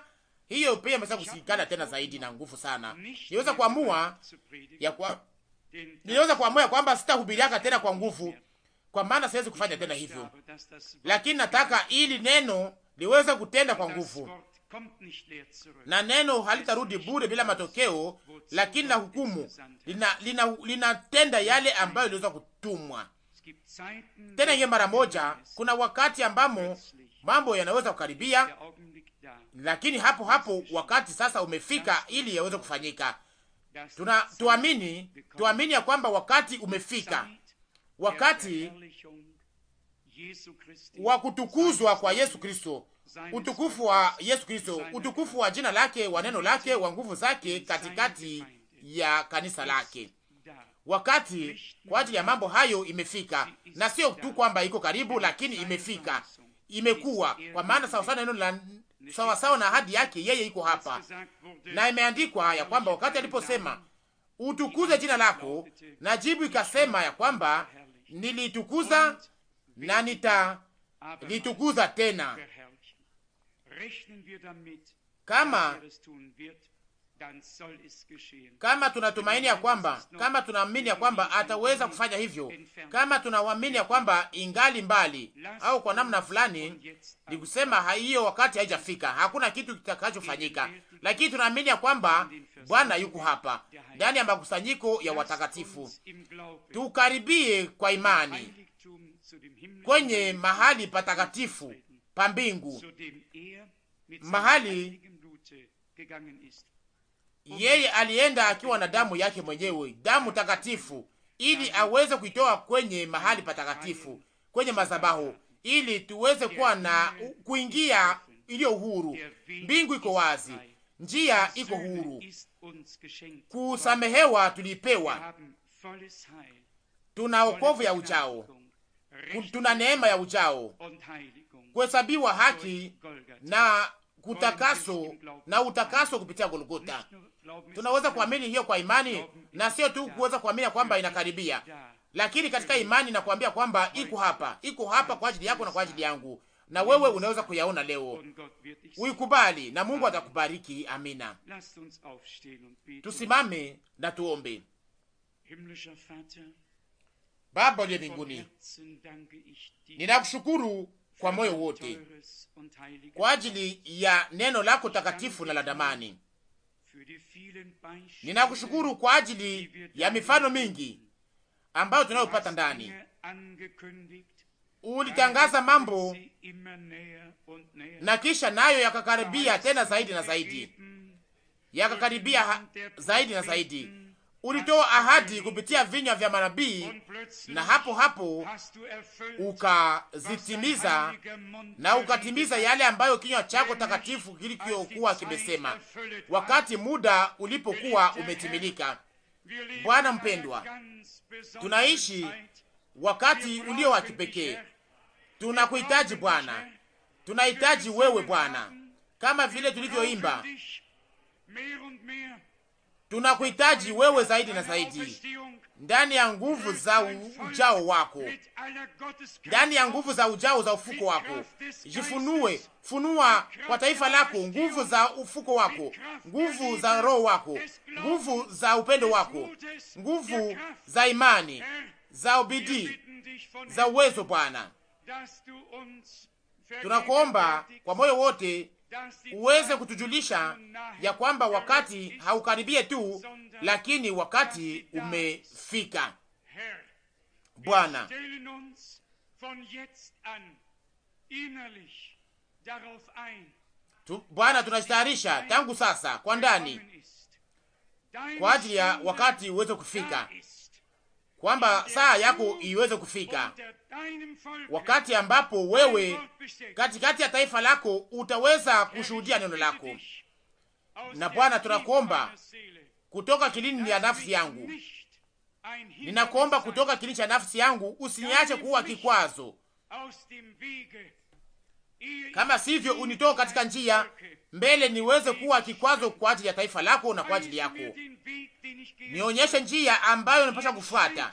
Hiyo pia imeweza kusikikana tena zaidi na nguvu sana. Niweza kuamua ya kwa niweza kuamua kwamba sitahubiriaka tena kwa nguvu, kwa maana siwezi kufanya tena hivyo, lakini nataka ili neno liweze kutenda kwa nguvu, na neno halitarudi bure bila matokeo, lakini na hukumu linatenda lina, lina yale ambayo iliweza kutumwa tena hiyo mara moja. Kuna wakati ambamo mambo yanaweza kukaribia, lakini hapo hapo wakati sasa umefika ili yaweze kufanyika. Tuna tuamini, tuamini ya kwamba wakati umefika, wakati wa kutukuzwa kwa Yesu Kristo, utukufu wa Yesu Kristo, utukufu wa jina lake, wa neno lake, wa nguvu zake katikati ya kanisa lake wakati kwa ajili ya mambo hayo imefika, na sio tu kwamba iko karibu, lakini imefika, imekuwa. Kwa maana sawasawa na neno la sawasawa na ahadi yake, yeye iko hapa, na imeandikwa haya kwamba wakati aliposema utukuze jina lako, na jibu ikasema ya kwamba nilitukuza na nitalitukuza tena. Kama kama tunatumaini ya kwamba, kama tunaamini ya kwamba ataweza kufanya hivyo, kama tunawamini ya kwamba ingali mbali au kwa namna fulani, ni kusema hiyo wakati haijafika, hakuna kitu kitakachofanyika, lakini tunaamini ya kwamba Bwana yuko hapa ndani ya makusanyiko ya watakatifu. Tukaribie kwa imani kwenye mahali patakatifu pa mbingu, er mahali yeye alienda akiwa na damu yake mwenyewe, damu takatifu, ili aweze kuitoa kwenye mahali patakatifu, kwenye madhabahu, ili tuweze kuwa na kuingia iliyo huru Mbingu iko wazi, njia iko huru, kusamehewa tulipewa, tuna okovu ya ujao, tuna neema ya ujao, kuhesabiwa haki na kutakaso na utakaso kupitia Golgota, Tunaweza kuamini hiyo kwa imani na sio tu kuweza kuamini kwamba inakaribia, lakini katika imani nakwambia kwamba iko hapa, iko hapa kwa ajili yako na kwa ajili yangu, na wewe unaweza kuyaona leo. Uikubali na Mungu atakubariki. Amina. Tusimame na tuombe. Baba uliye mbinguni, ninakushukuru kwa moyo wote kwa ajili ya neno lako takatifu na la damani Ninakushukuru kwa ajili ya mifano mingi ambayo tunayopata ndani. Ulitangaza mambo na kisha nayo yakakaribia tena zaidi na zaidi, yakakaribia zaidi na zaidi ulitoa ahadi kupitia vinywa vya manabii na hapo hapo ukazitimiza na ukatimiza yale ambayo kinywa chako takatifu kilichokuwa kimesema, wakati muda ulipokuwa umetimilika. Bwana mpendwa, tunaishi wakati ulio wa kipekee. Tunakuhitaji Bwana, tunahitaji wewe Bwana, kama vile tulivyoimba Tunakuhitaji wewe zaidi na zaidi ndani ya nguvu za ujao wako, ndani ya nguvu za ujao za ufuko wako. Jifunue, funua kwa taifa lako nguvu za ufuko wako, nguvu za roho wako, nguvu za upendo wako, nguvu za imani, za ubidii, za uwezo. Bwana, tunakuomba kwa moyo wote uweze kutujulisha ya kwamba wakati haukaribie tu, lakini wakati umefika. Bwana, tu, Bwana tunajitayarisha tangu sasa kwa ndani kwa ajili ya wakati uweze kufika kwamba saa yako iweze kufika, wakati ambapo wewe katikati ya taifa lako utaweza kushuhudia neno lako. Na Bwana, tunakuomba kutoka kilini ya nafsi yangu, ninakuomba kutoka kilini cha nafsi yangu, usiniache kuwa kikwazo, kama sivyo unitoka katika njia mbele niweze kuwa kikwazo kwa ajili ya taifa lako na kwa ajili yako. Nionyeshe njia ambayo unapasha kufuata,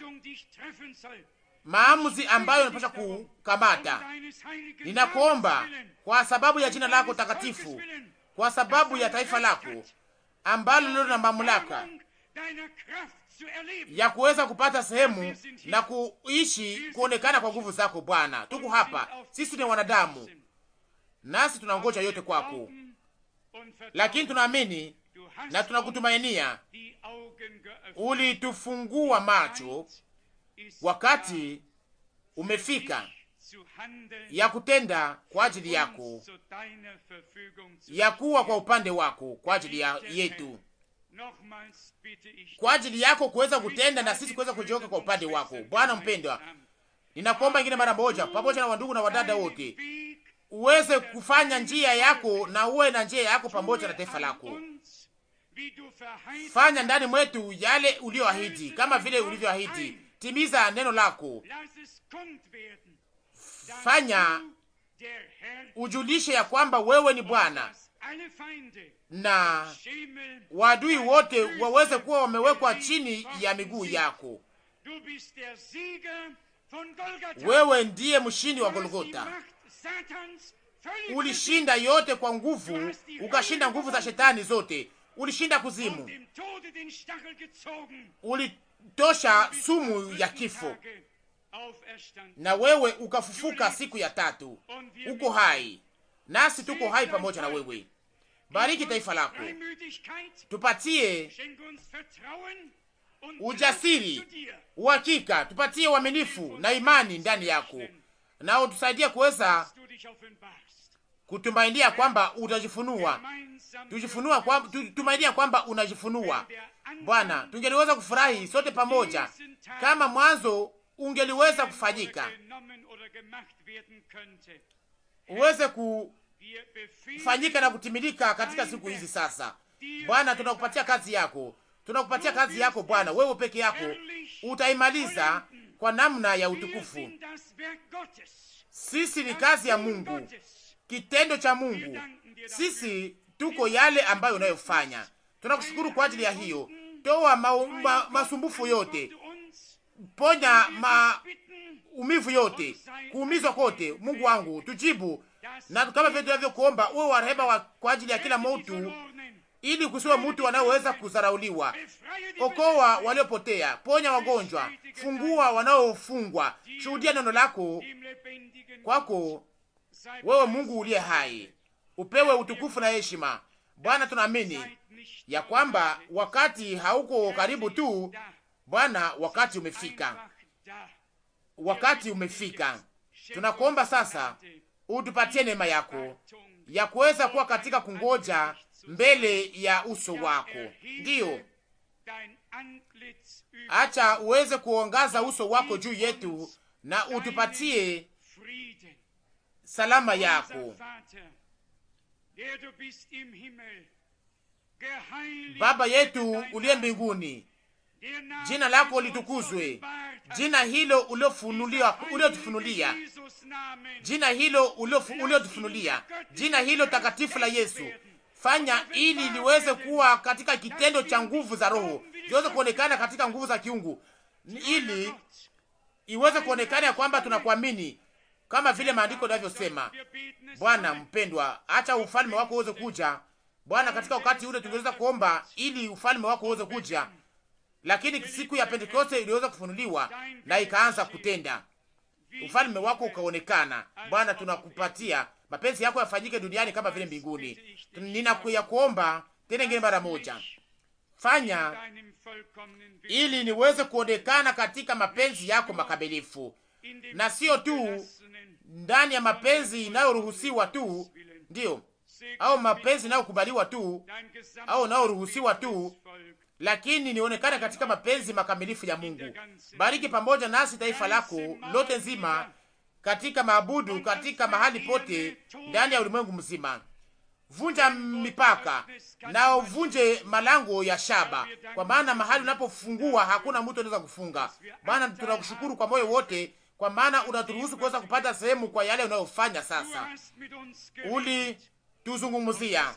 maamuzi ambayo unapasha kukamata. Ninakuomba kwa sababu ya jina lako takatifu, kwa sababu ya taifa lako ambalo lilo na mamlaka ya kuweza kupata sehemu na kuishi kuonekana kwa nguvu zako Bwana. Tuko hapa sisi, ni wanadamu, nasi tunangoja yote kwako lakini tunaamini na tunakutumainia. Ulitufungua macho, wakati umefika ya kutenda kwa ajili yako, ya kuwa kwa upande wako kwa ajili ya yetu, kwa ajili yako kuweza kutenda na sisi kuweza kujioka kwa upande wako. Bwana mpendwa, ninakuomba ingine mara moja, pamoja na wandugu na wadada wote uweze kufanya njia yako na uwe na njia yako pamoja na taifa lako. Fanya ndani mwetu yale uliyoahidi, kama vile ulivyoahidi. Timiza neno lako, fanya ujulishe ya kwamba wewe ni Bwana na wadui wote waweze kuwa wamewekwa chini ya miguu yako. Wewe ndiye mshindi wa Golgota. Ulishinda yote kwa nguvu, ukashinda nguvu za shetani zote, ulishinda kuzimu, ulitosha sumu ya kifo, na wewe ukafufuka siku ya tatu. Uko hai nasi tuko hai pamoja na wewe. Bariki taifa lako, tupatie ujasiri, uhakika, tupatie uaminifu na imani ndani yako na utusaidie kuweza kutumainia kwamba utajifunua, tujifunua kwa, tumainia kwamba unajifunua Bwana. Tungeliweza kufurahi sote pamoja kama mwanzo ungeliweza kufanyika uweze kufanyika na kutimilika katika siku hizi. Sasa Bwana, tunakupatia kazi yako, tunakupatia kazi yako Bwana, wewe peke yako utaimaliza kwa namna ya utukufu. Sisi ni kazi ya Mungu, kitendo cha Mungu. Sisi tuko yale ambayo unayofanya. Tunakushukuru kwa ajili ya hiyo. Toa ma, ma, masumbufu yote, ponya maumivu yote, kuumizwa kote. Mungu wangu, tujibu na kama vile tunavyokuomba, uwe wa rehema kwa ajili ya kila mtu ili kusiwa mtu anayeweza kuzarauliwa Okoa waliopotea, ponya wagonjwa, fungua wanaofungwa, shuhudia neno lako kwako wewe Mungu uliye hai, upewe utukufu na heshima. Bwana, tunaamini ya kwamba wakati hauko karibu tu Bwana, wakati umefika, wakati umefika. Tunakuomba sasa utupatie neema yako ya kuweza kuwa katika kungoja mbele ya uso wako. Ndiyo, acha uweze kuongaza uso wako juu yetu na utupatie salama yako. Baba yetu uliye mbinguni, jina lako litukuzwe, jina hilo uliotufunulia, jina hilo uliotufunulia, jina hilo takatifu la Yesu fanya ili liweze kuwa katika kitendo cha nguvu za roho, liweze kuonekana katika nguvu za kiungu, ili iweze kuonekana ya kwamba tunakuamini kama vile maandiko yanavyosema. Bwana mpendwa, acha ufalme wako uweze kuja. Bwana, katika wakati ule tungeweza kuomba ili ufalme wako uweze kuja, lakini siku ya Pentekoste iliweza kufunuliwa na ikaanza kutenda, ufalme wako ukaonekana. Bwana, tunakupatia mapenzi yako yafanyike duniani kama vile mbinguni. Ninakuya kuomba tena ngine mara moja, fanya ili niweze kuonekana katika mapenzi yako makamilifu, na sio tu ndani ya mapenzi inayoruhusiwa tu, ndiyo au mapenzi inayokubaliwa tu au inayoruhusiwa tu, lakini nionekane katika mapenzi makamilifu ya Mungu. Bariki pamoja nasi taifa lako lote nzima katika maabudu, katika mahali pote ndani ya ulimwengu mzima. Vunja mipaka na uvunje malango ya shaba, kwa maana mahali unapofungua hakuna mtu anaweza kufunga. Bwana, tunakushukuru kwa moyo wote, kwa maana unaturuhusu kuweza kupata sehemu kwa yale unayofanya sasa. Ulituzungumzia,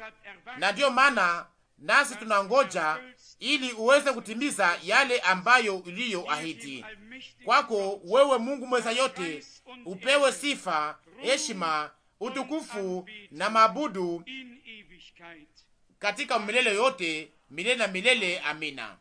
na ndiyo maana nasi tunangoja ili uweze kutimiza yale ambayo iliyoahidi Kwako wewe Mungu mweza yote upewe sifa, heshima, utukufu na mabudu katika milele yote milele na milele. Amina.